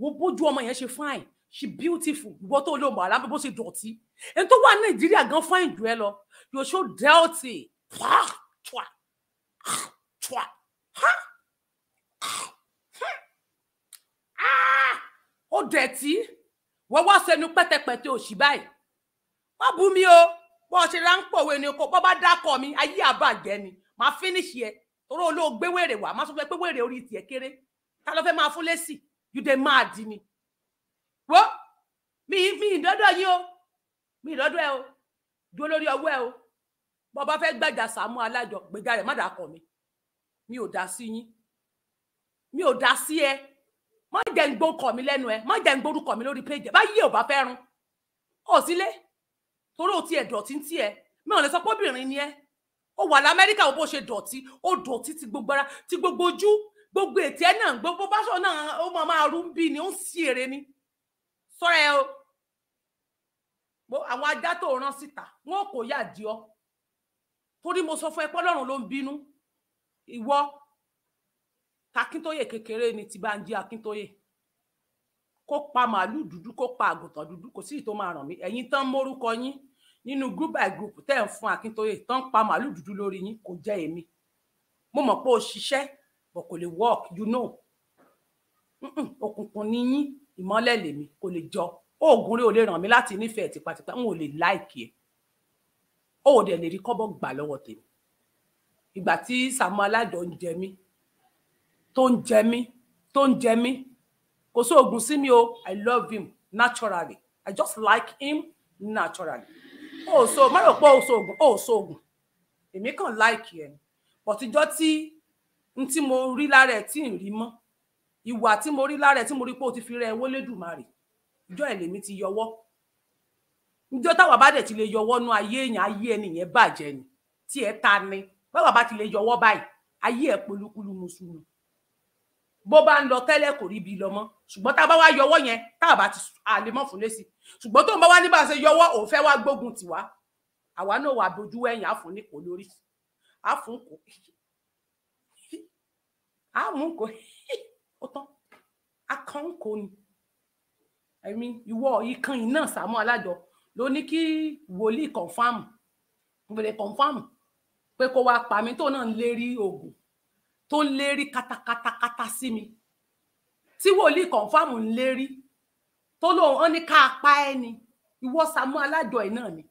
wo bójú ọmọ yẹn ṣe fine she beautiful ìwọ tó lóun bàálà bó ṣe dọ̀tí ẹni tó wà nàìjíríà gan fine jù ẹ lọ yóò ṣó dẹ́ọ̀tì twa twa ó dẹ̀tí wọ́n wá sẹ́nu pẹ́tẹpẹ́tẹ òṣì báyìí wọ́n bú mi o bó ṣe ra ń pòwe ni oko bó bá dákọ mi ayé àbàjẹ́ ni màá fínísì ẹ torí olóògbé wèrè wá má sọ pé wèrè orí tiẹ̀ kéré ta ló fẹ́ máa fún lésì you dey mad ni wo mi mi ìdọ́dọ̀ yín o mi ìdọ́dọ̀ ẹ o dúró lórí ọwọ́ ẹ o bó bá fẹ́ gbàjà Sàámú Alájọ gbèjà rẹ̀ má dàkọ mi mi ò dá sí yín mi ò dá sí ẹ má jẹ́ ń gbókọ̀ mi lẹ́nu ẹ má jẹ́ ń gbórúkọ mi lórí péjẹ báyìí ò bá fẹ́ run ò sílé torí o ti ẹ̀ dọ̀tí ń tiẹ̀ mi ò lè sọ pé obìnrin ni ẹ́ ó wà lamẹ́ríkà ó bó ṣe dọ̀tí ó dọ̀tí ti gbogbo ara ti gbogbo ojú gbogbo ètè ẹ̀ náà gbogbo báṣọ náà ó máa máa rú bí ni ó ń sí èrè ni sọ́ra ẹ o àwọn ajá tó rán síta wọn kò yà di ọ torí mo sọ fún ẹ pé ọlọ́run ló ń bínú ìwọ takíntóyè kékeré ni ti bá ń jí akíntóyè kó pa màálù dúdú kó pa àgùntàn dúdú kò sí ì tó máa ràn mí ẹ̀yin tán mórúkọ yín nínú group by group tẹ́ ń fún Akíntóyè tó ń pa màálù dúdú lórí yín kò jẹ́ èmi mo mọ̀ pé o ṣiṣẹ́ but kò lè work you know òkùnkùn ni yín ìmọ́lẹ̀ lèmi kò lè jọ oògùn rẹ ò lè ràn mí láti nífẹ̀ẹ́ tipátipá n ò lè láìkì ẹ̀ o ò dẹ̀ lè rí kọ́bọ̀ gbà lọ́wọ́ tèmi ìgbà tí Sàámú Alájọ ń jẹ mí tó ń jẹ mí tó ń jẹ mí kò sóògùn sí mi o I love him naturally I just like him naturally o so má rò pé o so oògùn o so oògùn èmi kàn láìkì ẹ pọtijọ tí n tí mo rí lára ẹ tí n rí mọ ìwà tí mo rí lára ẹ tí mo rí pé o ti fi rẹ wọlédùmarè ìjọ ẹ lèmi ti yọwọ́ níjọ táwa bá dẹ̀ ti lè yọwọ́ nú ayé èèyàn ayé ẹni yẹn bàjẹ́ ni tí ẹ ta ni báwa bá ti lè yọwọ́ báyìí ayé ẹ polúkúlù mùsùlùmí bó bá ń lọ tẹ́lẹ̀ kò ríbi lọ mọ́ ṣùgbọ́n tá a bá wá yọwọ́ yẹn tá a bá ti àlemọ́ fún lé sí ṣùgbọ́n tó ń bá wá ní bá a ṣe yọwọ́ òun fẹ́ wá gbógun tiwa àwa náà wà dojú ẹ̀yìn àfún nípò lórí àfún kò àmún kò ó tán akàn kò ní ẹ̀mí ìwọ ìkan iná Sàámú Alájọ ló ní kí wòlíì kọ̀ǹfàmù wòlíì kọ̀ǹfàmù pé kó wá pa tó náà ń lérí oògùn tó ń lérí kátàkátàkátà sí mi tí wòlíì kọ̀ǹfàmù ń lérí tó lóun hàn ní ká pa ẹ́ ni ìwọ Sàámú alájọ ẹ̀ náà ni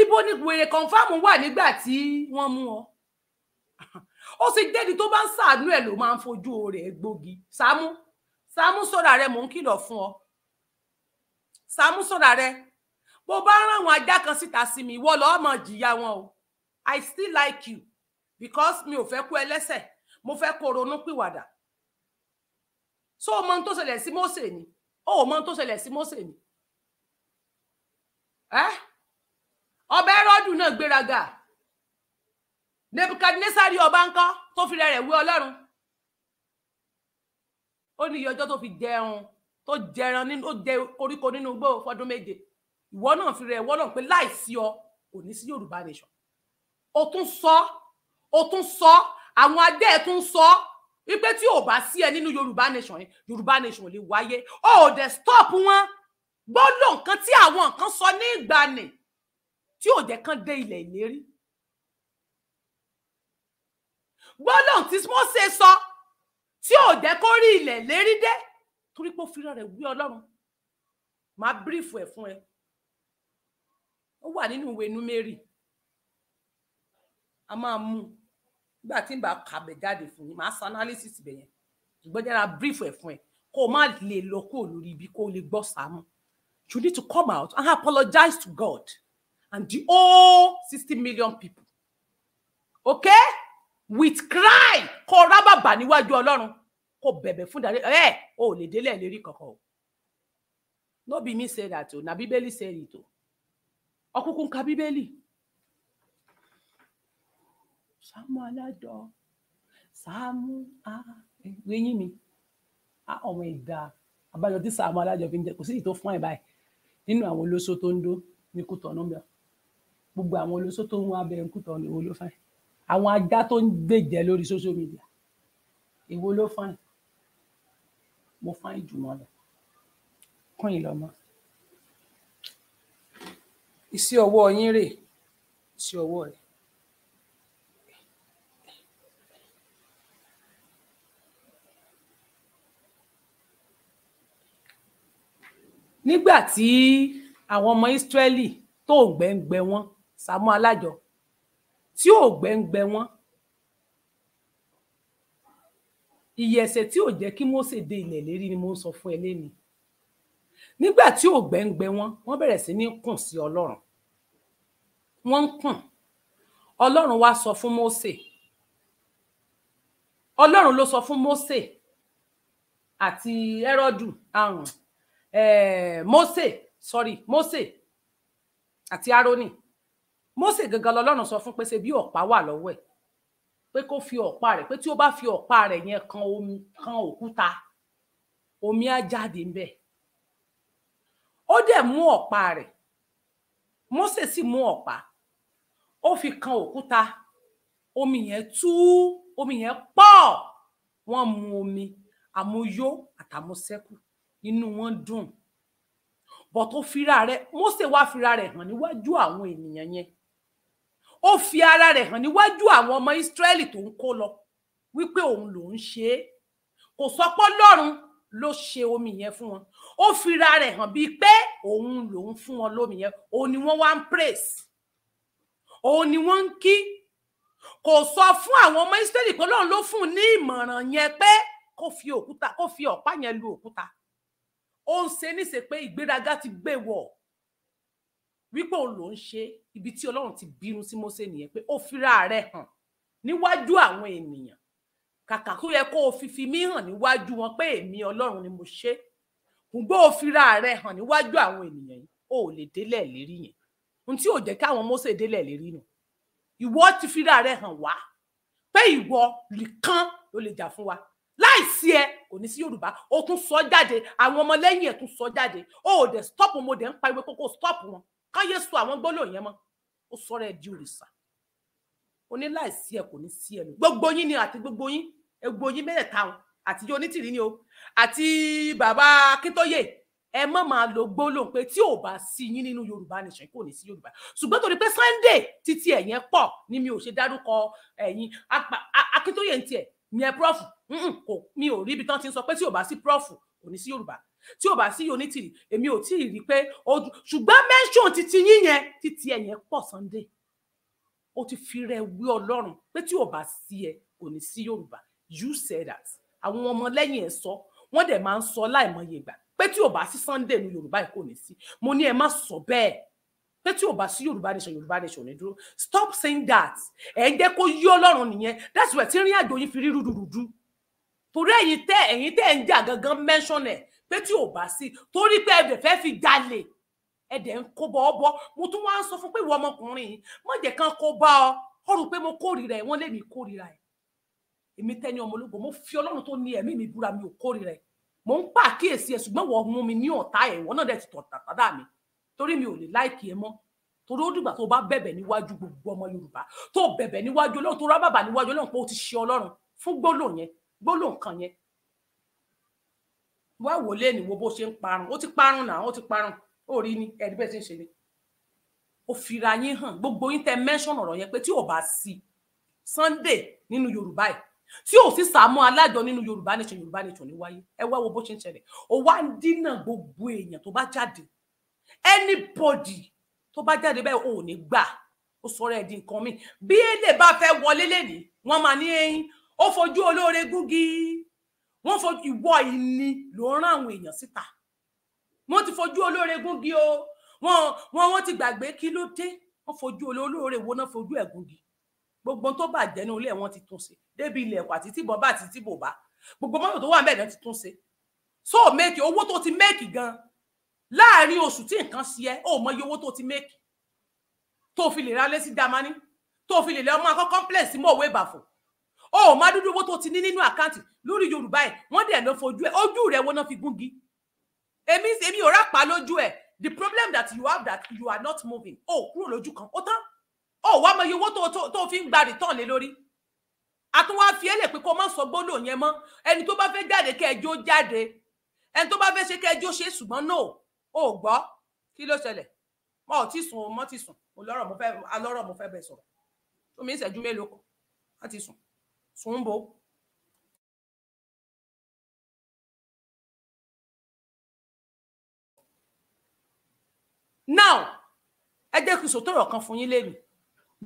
ibo ni wèrè kọ̀ǹfàmù wà nígbà tí wọ́n mú ọ ó sì dédi tó bá ń ṣàánú ẹ̀ ló máa ń fojú rẹ̀ gbógi Sàámú Sàámú sọ̀rọ̀ rẹ mò ń kìlọ̀ fún ọ Sàámú sọ̀rọ̀ rẹ bó bá ń rán àwọn ajá kan síta sí mi ìwọ lọ́ọ́ mọ̀ jìyà wọn o I still like you because mi ò fẹ́ kú ẹlẹ́sẹ̀ mo fẹ́ kó ronú so o mọ ohun tó ṣẹlẹ̀ sí Mósè ni o ò mọ ohun tó ṣẹlẹ̀ sí Mósè ni ọba ẹrọdù náà gbéraga nebukadnesari ọba ńkọ́ tó fi rẹ̀ wé Ọlọ́run ó ní iye ọjọ́ tó fi jẹun tó jẹran nínú ó jẹ koríko nínú igbó fọdún méje ìwọ náà fi rẹ̀ wọlọ pé láìsí ọ kò ní sí Yorùbá nation ó tún So, o tún so, àwọn adé ẹ so. sọ wípé tí ò bá sí ẹ nínú yorùbá nation yẹn yorùbá nation lè wáyé ó dẹ stop wọn gbọ́dọ̀ nǹkan tí àwọn nǹkan sọ ní ìgbàanì tí ò jẹ́ kán dé ilẹ̀ ìlérí gbọ́dọ̀ tí wọ́n ṣe sọ tí ò jẹ́ kó rí ilẹ̀ ìlérí dé torí pé ó fi rẹ̀ wí ọlọ́run màá bírífù ẹ̀ fún ẹ ó wà nínú ìwé númérì a máa mú un nígbà tí n bá kà bẹ̀ jáde fún yín màá san analysis bẹ̀ yẹn ṣùgbọ́n jẹ́ra brief ẹ̀ fún ẹ kó o má lè lọ kúrò lórí ibi kó o lè gbọ́ sàmù you need to come out and apologize to God and the whole sixty million people okay with cry kó o rábàbà níwájú Ọlọ́run kó o bẹ̀bẹ̀ fún dàrí ẹ̀ o ò lè délẹ̀ lérí kankan o no be me say that o na Bíbélì say it o ọkùnkùn ka Bíbélì. Sàámú alájọ Sàámú a eyín mi ọmọ ìdá àbájọ tí Sàámú alájọ fi ń jẹ kò sí ìtò fún ẹ̀ báyìí nínú àwọn olóṣó tó ń dó ní Kútọ̀nù bẹ́ẹ̀ gbogbo àwọn olóṣó tó ń wá abẹ́rẹ́ Kútọ̀nù ìwo ló fáìn àwọn ajá tó ń gbèjẹ lórí social media ìwo fáìn mo fáìn jù lọ kún yìí lọ mọ́ iṣẹ́ ọwọ́ yín rèé iṣẹ́ ọwọ́ rẹ̀. nígbà tí àwọn ọmọ Ísírẹ́lì tó gbẹ̀ǹgbẹ̀ wọn Sàámú Alájọ tí ò gbẹ̀ǹgbẹ̀ wọn iye ẹ̀ṣẹ̀ tí ò jẹ́ kí Mósè dé ilẹ̀ lérí ni mo ń sọ fún ẹ lẹ́nu nígbà tí ò gbẹ̀ǹgbẹ̀ wọn wọ́n bẹ̀rẹ̀ sí ní kùn sí Ọlọ́run wọ́n ń kùn Ọlọ́run wá sọ fún Mósè Ọlọ́run ló sọ fún Mósè àti Hẹ́rọ́dù àrùn eh, mose, sorry mose, àti Árónì Mósè gangan lọ́lọ́run sọ fún pé ṣe bí ọ̀pá wà lọ́wọ́ ẹ̀ pé kó fi ọ̀pá rẹ̀ pé tí ó bá fi ọ̀pá rẹ̀ yẹn kan omi kan òkúta omi á jáde ńbẹ̀ ó dẹ̀ mú ọ̀pá rẹ̀ Mósè sì mú ọ̀pá ó fi kan òkúta omi yẹn tú omi yẹn pọ̀ wọ́n mu omi àmuyó àtàmúsẹ́kù inú wọn dùn bọ tó fira rẹ̀ Mósè wá fira rẹ̀ hàn níwájú àwọn ènìyàn yẹn ó fi ara rẹ̀ hàn níwájú àwọn ọmọ Ísírẹ́lì tó ń kó lọ wípé òun lòún ṣe é kò sọ pé Ọlọ́run ló ṣe omi yẹn fún wọn ó fira rẹ̀ hàn bíi pé òun lòún fún wọn lómi yẹn òun ni wọ́n wá ń praise òun ni wọ́n ń kí kò sọ fún àwọn ọmọ Ísírẹ́lì pé Ọlọ́run ló fún un ní ìmọ̀ràn yẹn pé kó fi òkúta kó fi ọ̀pá yẹn lu òkúta ó ń ṣe níṣe pé ìgbéraga ti gbé wọ̀ wípé òun ló ń ṣe ibi tí ọlọ́run ti bínú sí Mósè nìyẹn pé ó fira rẹ̀ hàn níwájú àwọn ènìyàn kàkà kó yẹ kó o fífi mí hàn níwájú wọn pé èmi ọlọ́run ni mo ṣe ṣùgbọ́n o fira rẹ̀ hàn níwájú àwọn ènìyàn yìí o ò lè délẹ̀ lérí yẹn ohun tí ò jẹ́ káwọn Mósè délẹ̀ lérí nù ìwọ ti fira rẹ̀ hàn wá pé ìwọ nìkan ló lè jà fún wa láìsí ẹ kò ní sí yorùbá o tún sọ jáde àwọn ọmọlẹ́yìn ẹ̀ tún sọ jáde o ò dẹ̀ stop mo dẹ̀ ń pariwo kókó stop wọn káyé sọ àwọn gbólóhùn yẹn mọ́ ó sọ̀rọ̀ ẹ̀ di òrìṣà o ní láìsí ẹ kò ní sí ẹ nù gbogbo yín ni àti gbogbo yín egbò yín mẹ́rẹ̀ẹ̀ta o àti yóò onítìrí ni o àti bàbá akíntóyè ẹ má máa lo gbólóhùn pé tí ò bá sí yín nínú yorùbá nìṣẹ́ kò ní sí yorùbá ṣùgbọ́n torí pé sunday títí ẹ̀yẹn pọ̀ ni mi ò ṣe dárúkọ ẹ̀yin akíntóyè ń tiẹ̀ yẹn prof kò mi ò rí ibi tán ti ń sọ pé tí ò bá sí prof kò ní sí yorùbá tí ò bá sí onítìrì èmi ò tí ì rí pé ojú ṣùgbọ́n mention titi yín titi ẹ̀ pọ̀ Sunday O ti fi rẹ̀ wí ọlọ́run pé tí ò bá sí ẹ kò ní sí yorùbá you said that àwọn ọmọlẹ́yìn ẹ̀ sọ wọ́n dẹ̀ máa ń sọ láìmọye ìgbà pé tí ò bá sí Sunday ní yorùbá ẹ̀ kò ní sí mo ní ẹ má sọ bẹ́ẹ̀ pé tí ò bá sí yorùbá nation yorùbá nation ní dúró stop saying that ẹ jẹ́ kó yí ọlọ́run nìyẹn that's why tí rìn àjò yín fi rí rúdurùdu torí ẹ̀yin tẹ́ ẹ̀yin tẹ́ ẹ̀ ń jà gangan mention ẹ̀ pé tí ò bá sí torí pé ẹ̀dẹ̀ fẹ́ fi jalè ẹ̀dẹ̀ ń kó bọ́ bọ́ mo tún wá ń sọ fún pé ìwọ ọmọkùnrin yìí má jẹ́ kán kó bá ọ ọ rò pé mo kórìíra ẹ̀ wọ́n lé mi kórìíra ẹ̀ èmi tẹ́ni ọmọlógo mo fi ọlọ́run tó ní ẹ̀mí mi búra mi ò kórìíra ẹ̀ mo ń pàkíyèsí ẹ̀ ṣùgbọ́n wọ́n mú mi ní ọ̀tá ẹ̀ wọ́n náà dẹ̀ ti tọ̀ tàtàdá mi torí mi ò lè láìkì ẹ mọ́ torí ó dìgbà tó bá bẹ̀bẹ̀ níwájú gbogbo ọmọ yorùbá tó bẹ̀bẹ̀ níwájú ọlọ́run tó rábàbà níwájú ọlọ́run pé ó ti ṣe ọlọ́run fún gbólóhùn yẹn gbólóhùn kan yẹn wá wò lé ní wo bó ṣe ń parun ó ti parun náà ó ti parun ó rí ni ẹni bẹ́ẹ̀ ti ń ṣe ni ó fira yín hàn gbogbo yín tẹ mẹ́ṣọ̀n ọ̀rọ̀ yẹn pé tí ò bá sí Sunday nínú yorùbá yìí tí ò sì Sàámú Alájọ nínú yorùbá nation yorùbá nation ní wáyé ẹ wá wo bó ṣe ń ṣẹlẹ̀ ó wá ń dínà gbogbo èèyàn tó bá jáde anybody tó bá jáde bẹ́ẹ̀ ò ní gbà ó sọ̀rọ̀ ẹ̀dín nǹkan mi bí èlé bá fẹ́ wọlé lẹ́nìí wọ́n máa ní eyín ó fojú olóore gúngi wọ́n fojú ìwọ ìní ló ń rán àwọn èèyàn síta wọ́n ti fojú olóore gúngi o wọ́n wọ́n wọ́n ti gbàgbé kí ló dé wọ́n fojú olóore wo náà fojú ẹ̀ gúngi gbogbo tó bàjẹ́ ní ilé wọn ti tún ṣe débi ilẹ̀ ẹ̀kọ́ àti tìbọ̀ bá àti tìbọ̀ bá gbogbo mọ́tò tó wà ń náà ti tún ṣe so make owó tó ti make gan-an láàrin oṣù tí nǹkan sí ẹ ó mọyì owó tó ti make tó fi lè ralé sí damani tó fi lè lẹ ọmọ akọ complex mọ̀wé ìbàfọ̀ ó má dúdú owó tó ti ní nínú àkáǹtì lórí yorùbá ẹ wọ́n dẹ̀ ló fojú ẹ ojú rẹ wo náà fi gúngi èmi èmi ò rápá lójú ẹ the problem that you have that you are not moving ó kúrò lójú kan ó tán ó wá mọyì owó tó tó fi ń gba return lé lórí àtúwá fi ẹ lè pé kó má sọ gbólóò yẹn mọ́ ẹni tó bá fẹ́ jáde kẹjọ jáde ẹni tó bá fẹ́ ṣe kẹjọ ṣe ṣùgbọ́n náà. No ò gbọ́ kí ló ṣẹlẹ̀ mo ò tí sùn o mo ti sùn mo lọ́rọ̀ mo fẹ́ alọ́rọ̀ mo fẹ́ bẹ̀ sọ̀rọ̀ omi ìṣẹ́jú mélòó kan wọ́n ti sùn sùn ń bo now ẹ jẹ́ kí n sòtòrọ̀ kan fún yín lẹ́nu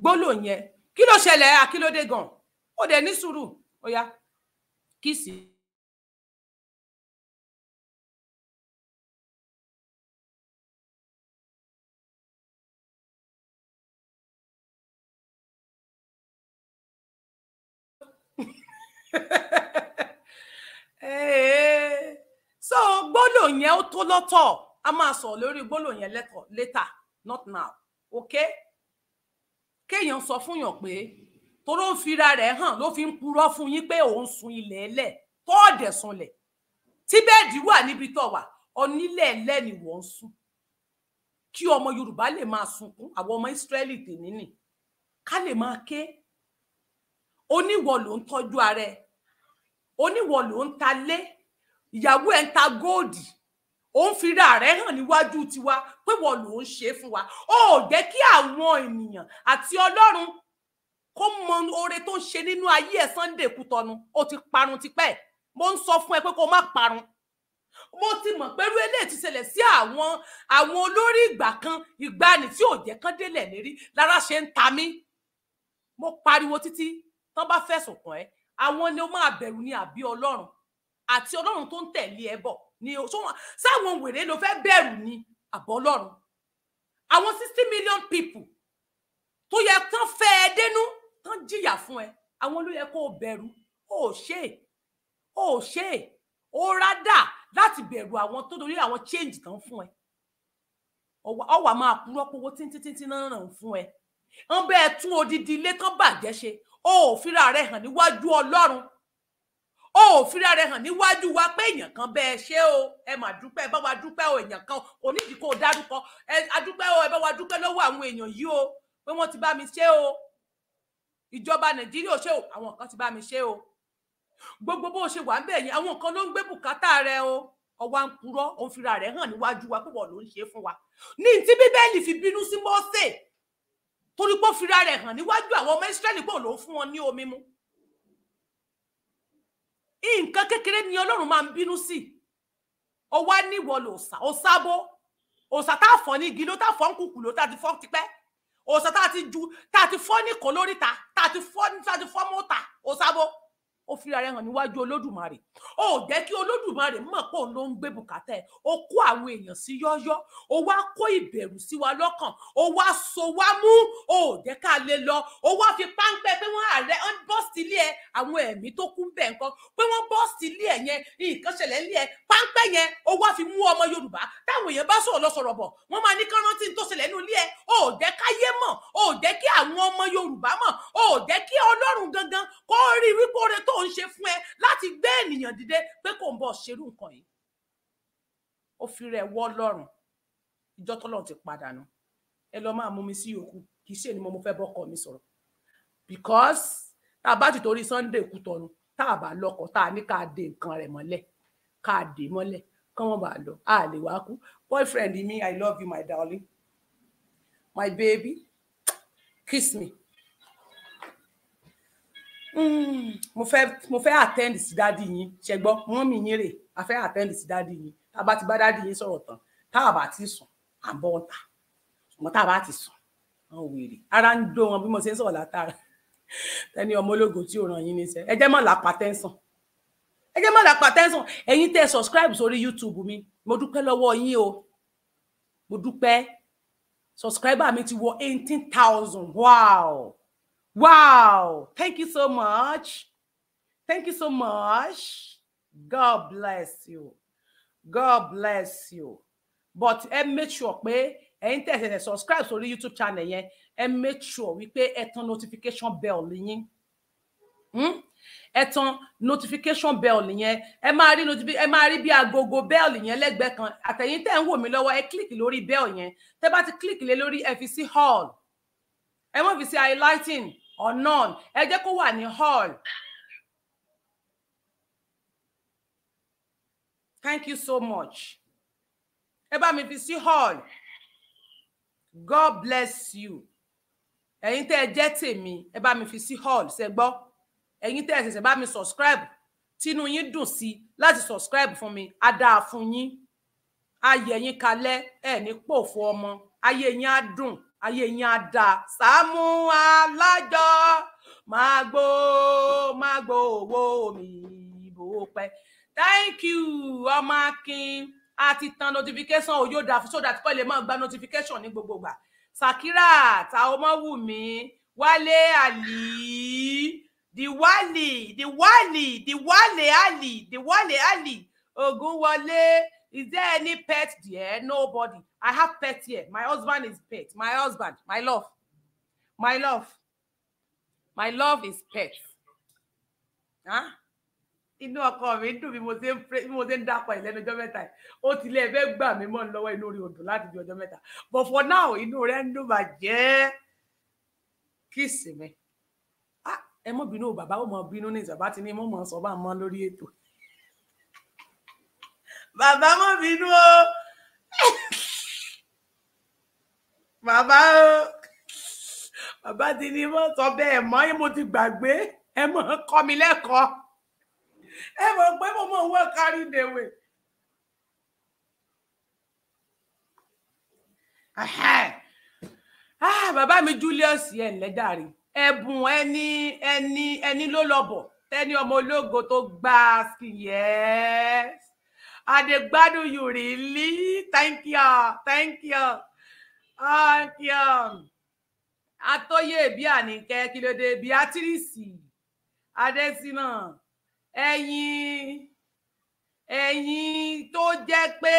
gbólò yẹn kí ló ṣẹlẹ̀ akílódé gan ó dẹ̀ ní sùúrù ó yá kí sì í. Eh, so gbólóhùn yẹn ó tó a máa sọ lórí gbólóhùn yẹn lẹ́tọ̀ later not now okay kéèyàn sọ fún yàn pé toró ń fira rẹ̀ hàn ló fi ń purọ́ fún yín pé òun sun ilẹ̀ ẹlẹ̀ tó ọ̀dẹ̀ sunlẹ̀ tí bẹ́ẹ̀dì wà níbi tó wà ẹlẹ́ ni wọ́n ń sùn kí ọmọ Yorùbá lè máa sunkún àwọn ọmọ Ísírẹ́lì tèmi nì ká lè máa ké oníwọ̀ ló ń tọ́jú ara ẹ̀ oníwọ ló ń ta lé ìyàwó ẹ̀ ń ta góòdì ó ń fi ra rẹ̀ hàn níwájú tiwa pé wọ́n ló ń ṣe fún wa ó jẹ́ kí àwọn ènìyàn àti ọlọ́run kó mọ oore tó ń ṣe nínú ayé ẹ̀ Sunday Kútọ̀nù ó ti parun tipẹ́ mo ń sọ fún ẹ pé kó má parun mo ti mọ̀ pé irú eléyìí ti ṣẹlẹ̀ sí àwọn àwọn olórí ìgbà kan ìgbani tí ò jẹ́ kán délẹ̀ lérí lára ṣe ń ta mí mo pariwo títí tán bá fẹ̀sùn kàn ẹ́ àwọn ni ó máa bẹ̀rù ni àbí ọlọ́run àti ọlọ́run tó ń tẹ̀lé ẹ bọ̀ ni sáwọn wèrè ló fẹ́ bẹ̀rù ni àbọ̀ ọlọ́run àwọn sixty million people tó yẹ tán fẹ́ ẹ dénú tán jìyà fún ẹ àwọn ló yẹ kó o bẹ̀rù ó ṣe ó ṣe ó rádà láti bẹ̀rù àwọn tó dorí àwọn change tán fún ẹ ọwà máa kúrọ́pọ̀ owó tíntíntín náà ràn fún ẹ ń bẹ́ẹ̀ tún odidi ilé tán bàjẹ́ ṣe o ò fira rẹ hàn níwájú ọlọ́run o ò fira rẹ hàn níwájú wa pé èèyàn kan bẹ́ẹ̀ ṣe o ẹ mà dúpẹ́ ẹ bá wa dúpẹ́ o èèyàn kan kò nídìí kó o dárúkọ ẹ adúpẹ́ o ẹ bá wa dúpẹ́ lọ́wọ́ àwọn èèyàn yìí o pé wọ́n ti bá mi ṣe o ìjọba nàìjíríà ṣe o àwọn kan ti bá mi ṣe o gbogbo bó ṣe wà ń bẹ̀ yẹn àwọn kan ló ń gbé bùkátà rẹ o ọwọ́ ń purọ́ òun fira rẹ̀ hàn níwájú wa pé wọ́n ló ń ṣe fún wa ní ti bíbélì fi bínú sí Mósè torí pé ó fira rẹ̀ hàn níwájú àwọn ọmọ Ísírẹ́lì pé òun ló fún wọn ní omi mu nǹkan kékeré ni Ọlọ́run máa ń bínú sí ó wá níwọ lòsà ó sábó òsà tá a fọ́ ní igi ló tá a fọ́ ń kùkù ló tá a ti fọ́ tipẹ́ òsà tá a ti ju tá a ti fọ́ ní kò lóríta tá a ti fọ́ ní tá a ti fọ́ mọ́ta ó sábó ó fira rẹ̀ hàn níwájú olódùmarè ó jẹ́ kí olódùmarè mọ̀ pé òun ló ń gbé bùkátà ẹ̀ ó kó àwọn èèyàn sí yọ́yọ́ ó wá kó ìbẹ̀rù sí wa lọ́kàn ó wá so wá mú ó jẹ́ ká lè lọ ó wá fi páńpẹ́ pé wọ́n àrẹ ọ́n bọ́ sílé ẹ̀ àwọn ẹ̀mí tó kú bẹ́ẹ̀ nǹkan pé wọ́n bọ́ sílé ẹ̀ yẹn nǹkan ṣẹlẹ̀ nílé ẹ̀ páńpẹ́ yẹn ó wá fi mú ọmọ Yorùbá táwọn èèyàn bá sọ̀rọ̀ lọ sọ̀rọ̀ bọ̀ wọ́n máa ní kán rántí tó ṣẹlẹ̀ nínú ilé ẹ̀ ó jẹ́ káyé mọ̀ ó jẹ́ kí àwọn ọmọ Yorùbá mọ̀ ó jẹ́ kí Ọlọ́run gangan kó rí wípé ó rẹ tó ń ṣe fún ẹ láti gbé ènìyàn dìde pé kò ń bọ̀ ṣerú nǹkan yìí ó fi rẹ̀ wọ́ lọ́rùn ìjọ tọ́lọ́run ti padà nù ẹ lọ máa mú mi sí yòókù kì í ṣe ni mo fẹ́ bọ́kọ mi sọ̀rọ̀ because tá a bá ti torí Sunday kú tọnu tá a bá lọkọ tá a ní ká de nǹkan rẹ̀ mọ́lẹ̀ ká de mọ́lẹ̀ kán wọn bá lọ a lè wá kú boyfriend mi i love you my darling my baby kiss me mo fẹ́ mo fẹ́ attend sí dádì yín ṣe gbọ́ wọ́n mi yín rè a fẹ́ attend sí dádì yín tá a bá ti bá dádì yín sọ̀rọ̀ tán tá a bá ti sùn à ń bọ́ ọ̀tà ṣùgbọ́n tá a bá ti sùn àwọn wèrè ara ń dó wọn bí mo ṣe ń sọ̀rọ̀ látara tẹni ọmọ ológo tí ò ràn yín níṣẹ́ ẹ jẹ́ mọ̀ lápá tẹ́sán ẹ jẹ́ mọ̀ lápá tẹ́sán ẹ̀yin tẹ́ subscribe sórí YouTube mi mo dúpẹ́ lọ́wọ́ yín o mo dúpẹ́ subscriber mi ti wọ eighteen thousand wow Wow. Thank you so much. Thank you so much. God bless you. God bless you. But and make sure pé ẹ̀yin tẹ̀sẹ̀ subscribe to the YouTube channel yẹn And make sure we pay ẹ tan notification bell yín hmm? ẹ tan notification bell yẹn ẹ máa rí ẹ máa a go go bell yẹn back on. àtẹ̀yin tẹ́ ń wò mí lọ́wọ́ ẹ click lórí bell yẹn tẹ́ bá ti click lé lórí ẹ fi sí hall ẹ mọ̀ fi sí lighting or none ẹ jẹ́ kó wà ní hall. thank you so much ẹ bá mi fi sí hall god bless you ẹ̀yin tẹ́ ẹ jẹ́ tèmi ẹ bá mi fi sí hall ṣe gbọ́ ẹ̀yin tẹ́ ẹ ṣẹ̀ṣẹ̀ bá mi subscribe Tinu yín dùn sí láti subscribe fún mi á dáa fún yín ayé yín kalẹ̀ ẹ ní pòfo ọmọ ayé yín á dùn ayé yín á dáa Sàámú Alájọ máa gbó máa gbó owó mi ìbò pẹ́ thank you ọmọ akin àti tan notification òyò dà fún sódà tí kò lè máa gba notification ní gbogbo gbà Sakira Taomowumi Wálé Àlì Diwali Diwali Diwali Ali Diwali Ali Ògúnwọlé. Is there any pet there? Nobody. I have pet here. My husband is pet. My husband, my love. My love. My love is pet. Huh? inú ọkọ mi dùn bí mo ṣe ń bí mo ṣe ń dapò ẹ lẹ́nu ọjọ́ mẹ́ta yìí ó ti lé ẹfẹ gbà mí mọ́ lọ́wọ́ inú rí odò láti ju ọjọ́ mẹ́ta but for now inú rẹ ń dùn bàjẹ́ kíìsì mi ah, ẹ mọ bínú bàbá ó mọ bínú ní ìjọba tí ní mo mọ sọ bá mọ lórí ètò bàbá mọ̀ bínú o bàbá o bàbá ti ní mọ́ sọ bẹ́ẹ̀ mọ́ yín mo ti gbàgbé ẹ mọ̀ kọ́ mi lẹ́kọ̀ọ́ ẹ mọ̀ pé mo mọ̀ wọ́n kárí dèwé. ah bàbá mi Julius ẹ ǹlẹ́ dàrí ẹ̀bùn ẹni ẹni ẹni ló lọ bọ̀ tẹ́ni ọmọ ológo tó gbá sí yẹ́s. I dey gbadu you really. Thank you. Thank you. Thank you. Atoye bí Àníkẹ́ kí ló dé Adesina, Adésínà ẹ̀yin ẹ̀yin tó jẹ́ pé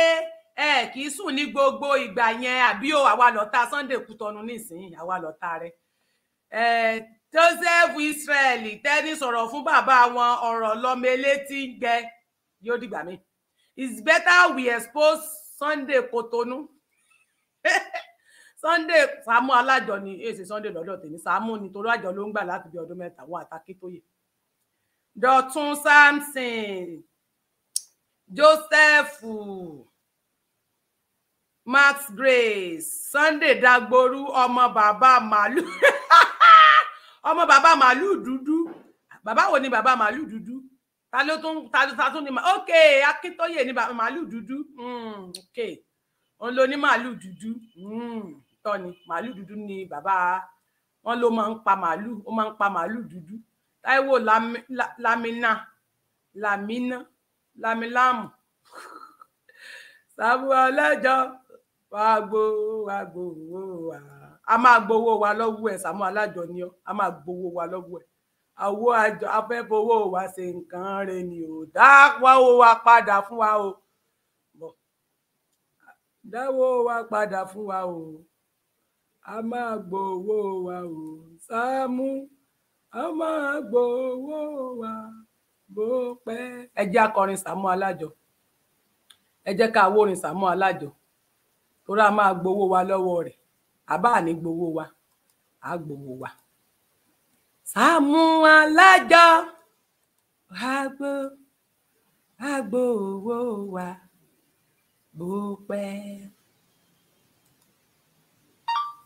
ẹ kì í sùn ní gbogbo ìgbà yẹn àbí o àwa lọ́ta Sunday Kútọ́nu nísìnyí àwa lọ́ta rẹ̀ Joseph Israel tẹ́ni sọ̀rọ̀ fún bàbá wọn ọ̀rọ̀ lọ́mọ elétí gbẹ yóò dìgbà míì it's better we expose Sunday Kotonu Sunday Samu alájọ ni èsì Sunday lọ́dọ̀ tèmi Sàámú nítorí àjọ ló ń gbà láti bí ọdún mẹ́ta wọn àtàkì tó yẹ Dọ̀tun Samson Joseph Max Grace Sunday Dagboru ọmọ bàbá màálù ọmọ bàbá màálù dúdú bàbá wo ni bàbá màálù dúdú ta ló tún ta ló tún ní ok akíntóyè ní màálù dúdú hmm, ok wọn ló ní màálù dúdú hmm, tọ́ni màálù dúdú ni bàbá wọn ló máa ń pa màálù ó máa ń pa màálù dúdú táíwò lamina lamina lamilamu sábúà ọlẹ́jọ́ wàá gbowó wàá gbowó wa a máa gbowó wa lọ́wọ́ ẹ̀ sàmú alájọ ni ọ́ a máa gbowó wa lọ́wọ́ ẹ̀. àwo àjọ afẹ́fowó wa ṣe nǹkan rẹ ni ò dáwọ́ wa padà fún wa o dáwọ́ wa padà fún wa o a máa gbowó wa o Sáàmú a máa gbowó wa bó pẹ́. ẹ jẹ́ akọrin Sàámú Alájọ ẹ jẹ́ ká wórin Sàámú Alájọ torí a máa gbowó wa lọ́wọ́ rẹ̀ àbá àní gbowó wa àá gbowó wa. Sàámú Alájọ àgbo àgbo owó wa bó pẹ́.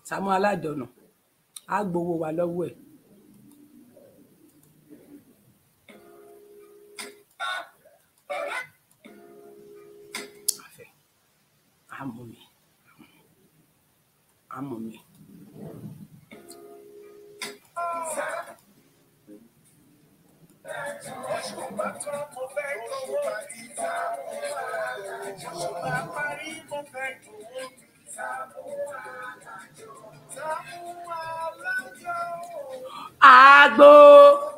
Sàámú Alájọ nà á gbowó wa lọ́wọ́ ẹ̀. àmọ́ mi àmọ́ mi. Agbo,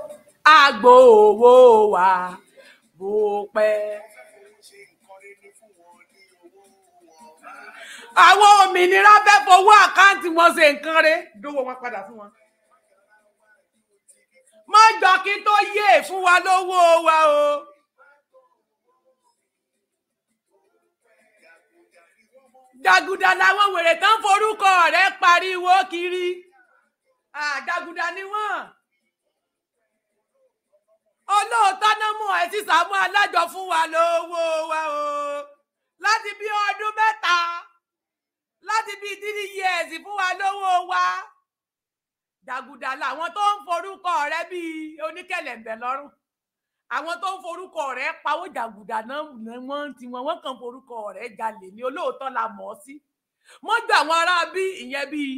agbo, owó wa bó pẹ́. Àwọn òmìnira fẹ́ fowó àkáǹtì wọn ṣe nǹkan rẹ̀ dówó wọn padà fún wọn má gbà kí tó yé fún wa lówó wa o. jàgùdà làwọn wèrè tán forúkọ rẹ pariwo kiri àjàgùdà ni wọn olóòótọ́ náà mú ẹ sí Sàámú Alájọ fún wa lówó wa o láti bí ọdún mẹ́ta láti bí dídí yẹ̀ẹ̀sì fún wa lówó wa dàgùdà làwọn tó ń forúkọ rẹ bíi oníkẹ̀lẹ̀bẹ̀ lọ́rùn àwọn tó ń forúkọ rẹ pawó jàgùdà náà wọ́n ti wọn wọ́n kàn forúkọ rẹ jalè ní olóòótọ́ la mọ̀ ọ́ sí mọ́jú àwọn ará bí ìyẹn bíi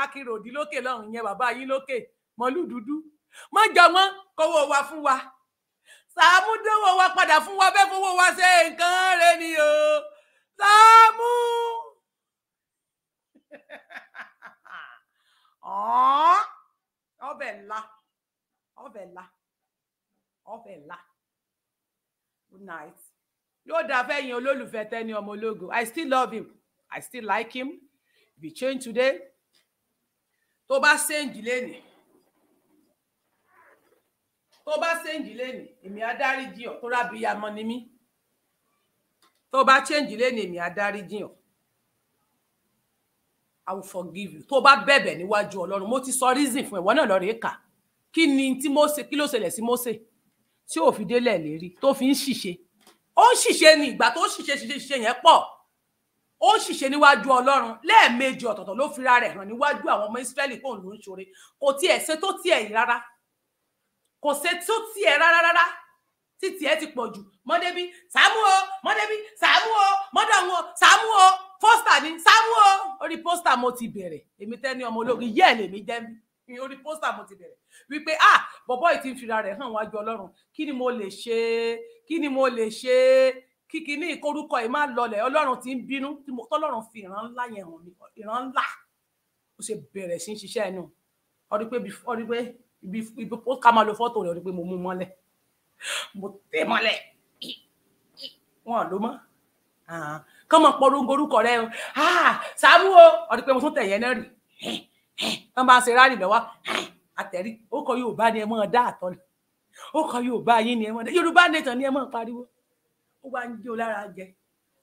akínròdì lókè lọ́hùn ìyẹn bàbá yín lókè mọ́lú dúdú mọ́jọ wọn kówó wa fún wa Sàámú dánwò wa padà fún wa bẹ́ẹ̀ fowó wa ṣe nǹkan rẹ ni o Sàámú. Oh, oh bella, oh bella, oh bella. good night yóò dáa fẹ́ yin olólùfẹ́ Tenny ọmọ ológo i still love him i still like him if he change today tó bá ṣéǹjì lénìí tó bá ṣéǹjì lénìí èmi á dáríjì ọ́ tó rábìyàmọ ni mí tó bá ṣéǹjì lénìí èmi á dáríjì i will forgive you tó bá bẹ̀bẹ̀ níwájú ọlọ́run mo ti sọ reason fún ẹ̀wọ́n náà lọ́rẹ̀ẹ́ kà kí ni tí Mósè kí ló ṣẹlẹ̀ sí Mósè tí ò fi délẹ̀ lérí tó fi ń ṣìṣe ó ń ṣìṣe ní ìgbà tó ṣìṣe ṣìṣe ṣìṣe yẹn pọ̀ ó ṣìṣe níwájú ọlọ́run lẹ́ẹ̀mejì ọ̀tọ̀ọ̀tọ̀ ló fira rẹ̀ hàn níwájú àwọn ọmọ ìsírẹ́lì kóun ló ń ṣoore kò tiẹ̀ ṣe tó tiẹ̀ yìí rárá kò ṣe tó tiẹ̀ rárá rárá títí ẹ ti pọ̀ jù mọ́débí Sàámú o mọ́débí Sàámú o mọ́dọ̀ wọn Sàámú o pósítà ni sámú o orí pósítà mo ti bẹ̀rẹ̀ èmi tẹ́ni ọmọ ológun yẹ́ ẹ̀ lèmi jẹ́ mi orí pósítà mo ti bẹ̀rẹ̀ wípé ah bọ̀bọ́ yìí ti ń fira rẹ̀ hàn wájú ọlọ́run kí ni mo lè ṣe kí ni mo lè ṣe kíkí ní ìkorúkọ yìí má lọlẹ̀ ọlọ́run ti ń bínú tọ́lọ́run fi ìran ńlá yẹn hàn mí ìran ńlá o ṣe bẹ̀rẹ̀ sí ṣiṣẹ́ ẹnu ọdí pé ọdí pé ibi ká máa lo fọ́tò rẹ̀ ọdí pé mo mú mọ́lẹ̀ mo tẹ̀ mọ́lẹ̀ wọn ò ló mọ́ kán mọ̀ polongo orúkọ rẹ o Sàámú ah, o ọdún pé mo tún tẹ̀yẹ náà rì wọ́n bá ń ṣe rárì lọ́wọ́ àtẹ̀rí ó kọ Yorùbá ni ẹ mọ̀ dá àtọ́ ni ó kọ Yorùbá yín ni ẹ mọ̀ dá Yorùbá nation ni ẹ mọ̀ pariwo ó wá ń jó lára jẹ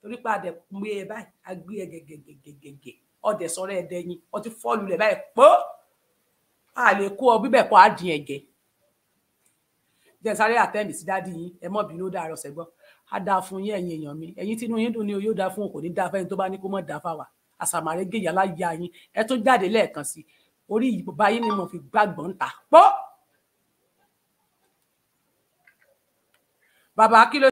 torí pé àdẹ̀ gbé ẹ báyìí a gbé ẹ gẹ̀gẹ̀gẹ̀gẹ̀gẹ̀ ọdẹ sọ̀rọ̀ ẹ dẹ́yìn ọtí fọ́ọ̀lù rẹ̀ báyìí pọ́ a lè kó ọ bíbẹ̀ kọ́ àdìyẹn jẹ sáré àtẹ́mì sí yín ẹ mọ̀ bínú dàrọ̀ sẹ́gbọ́n á dáa fún yín ẹ̀yin èèyàn mi ẹ̀yin tí inú yín dùn ni o yóò dáa fún òkò ní dáa fẹ́ni tó bá ní kó mọ̀ dáa fáwa àsàmàrè gèyà láyà yín ẹ tún jáde lẹ́ẹ̀kan sí orí ìbá yín ni mo fi gbàgbọ́n ta pọ́. bàbá kí ló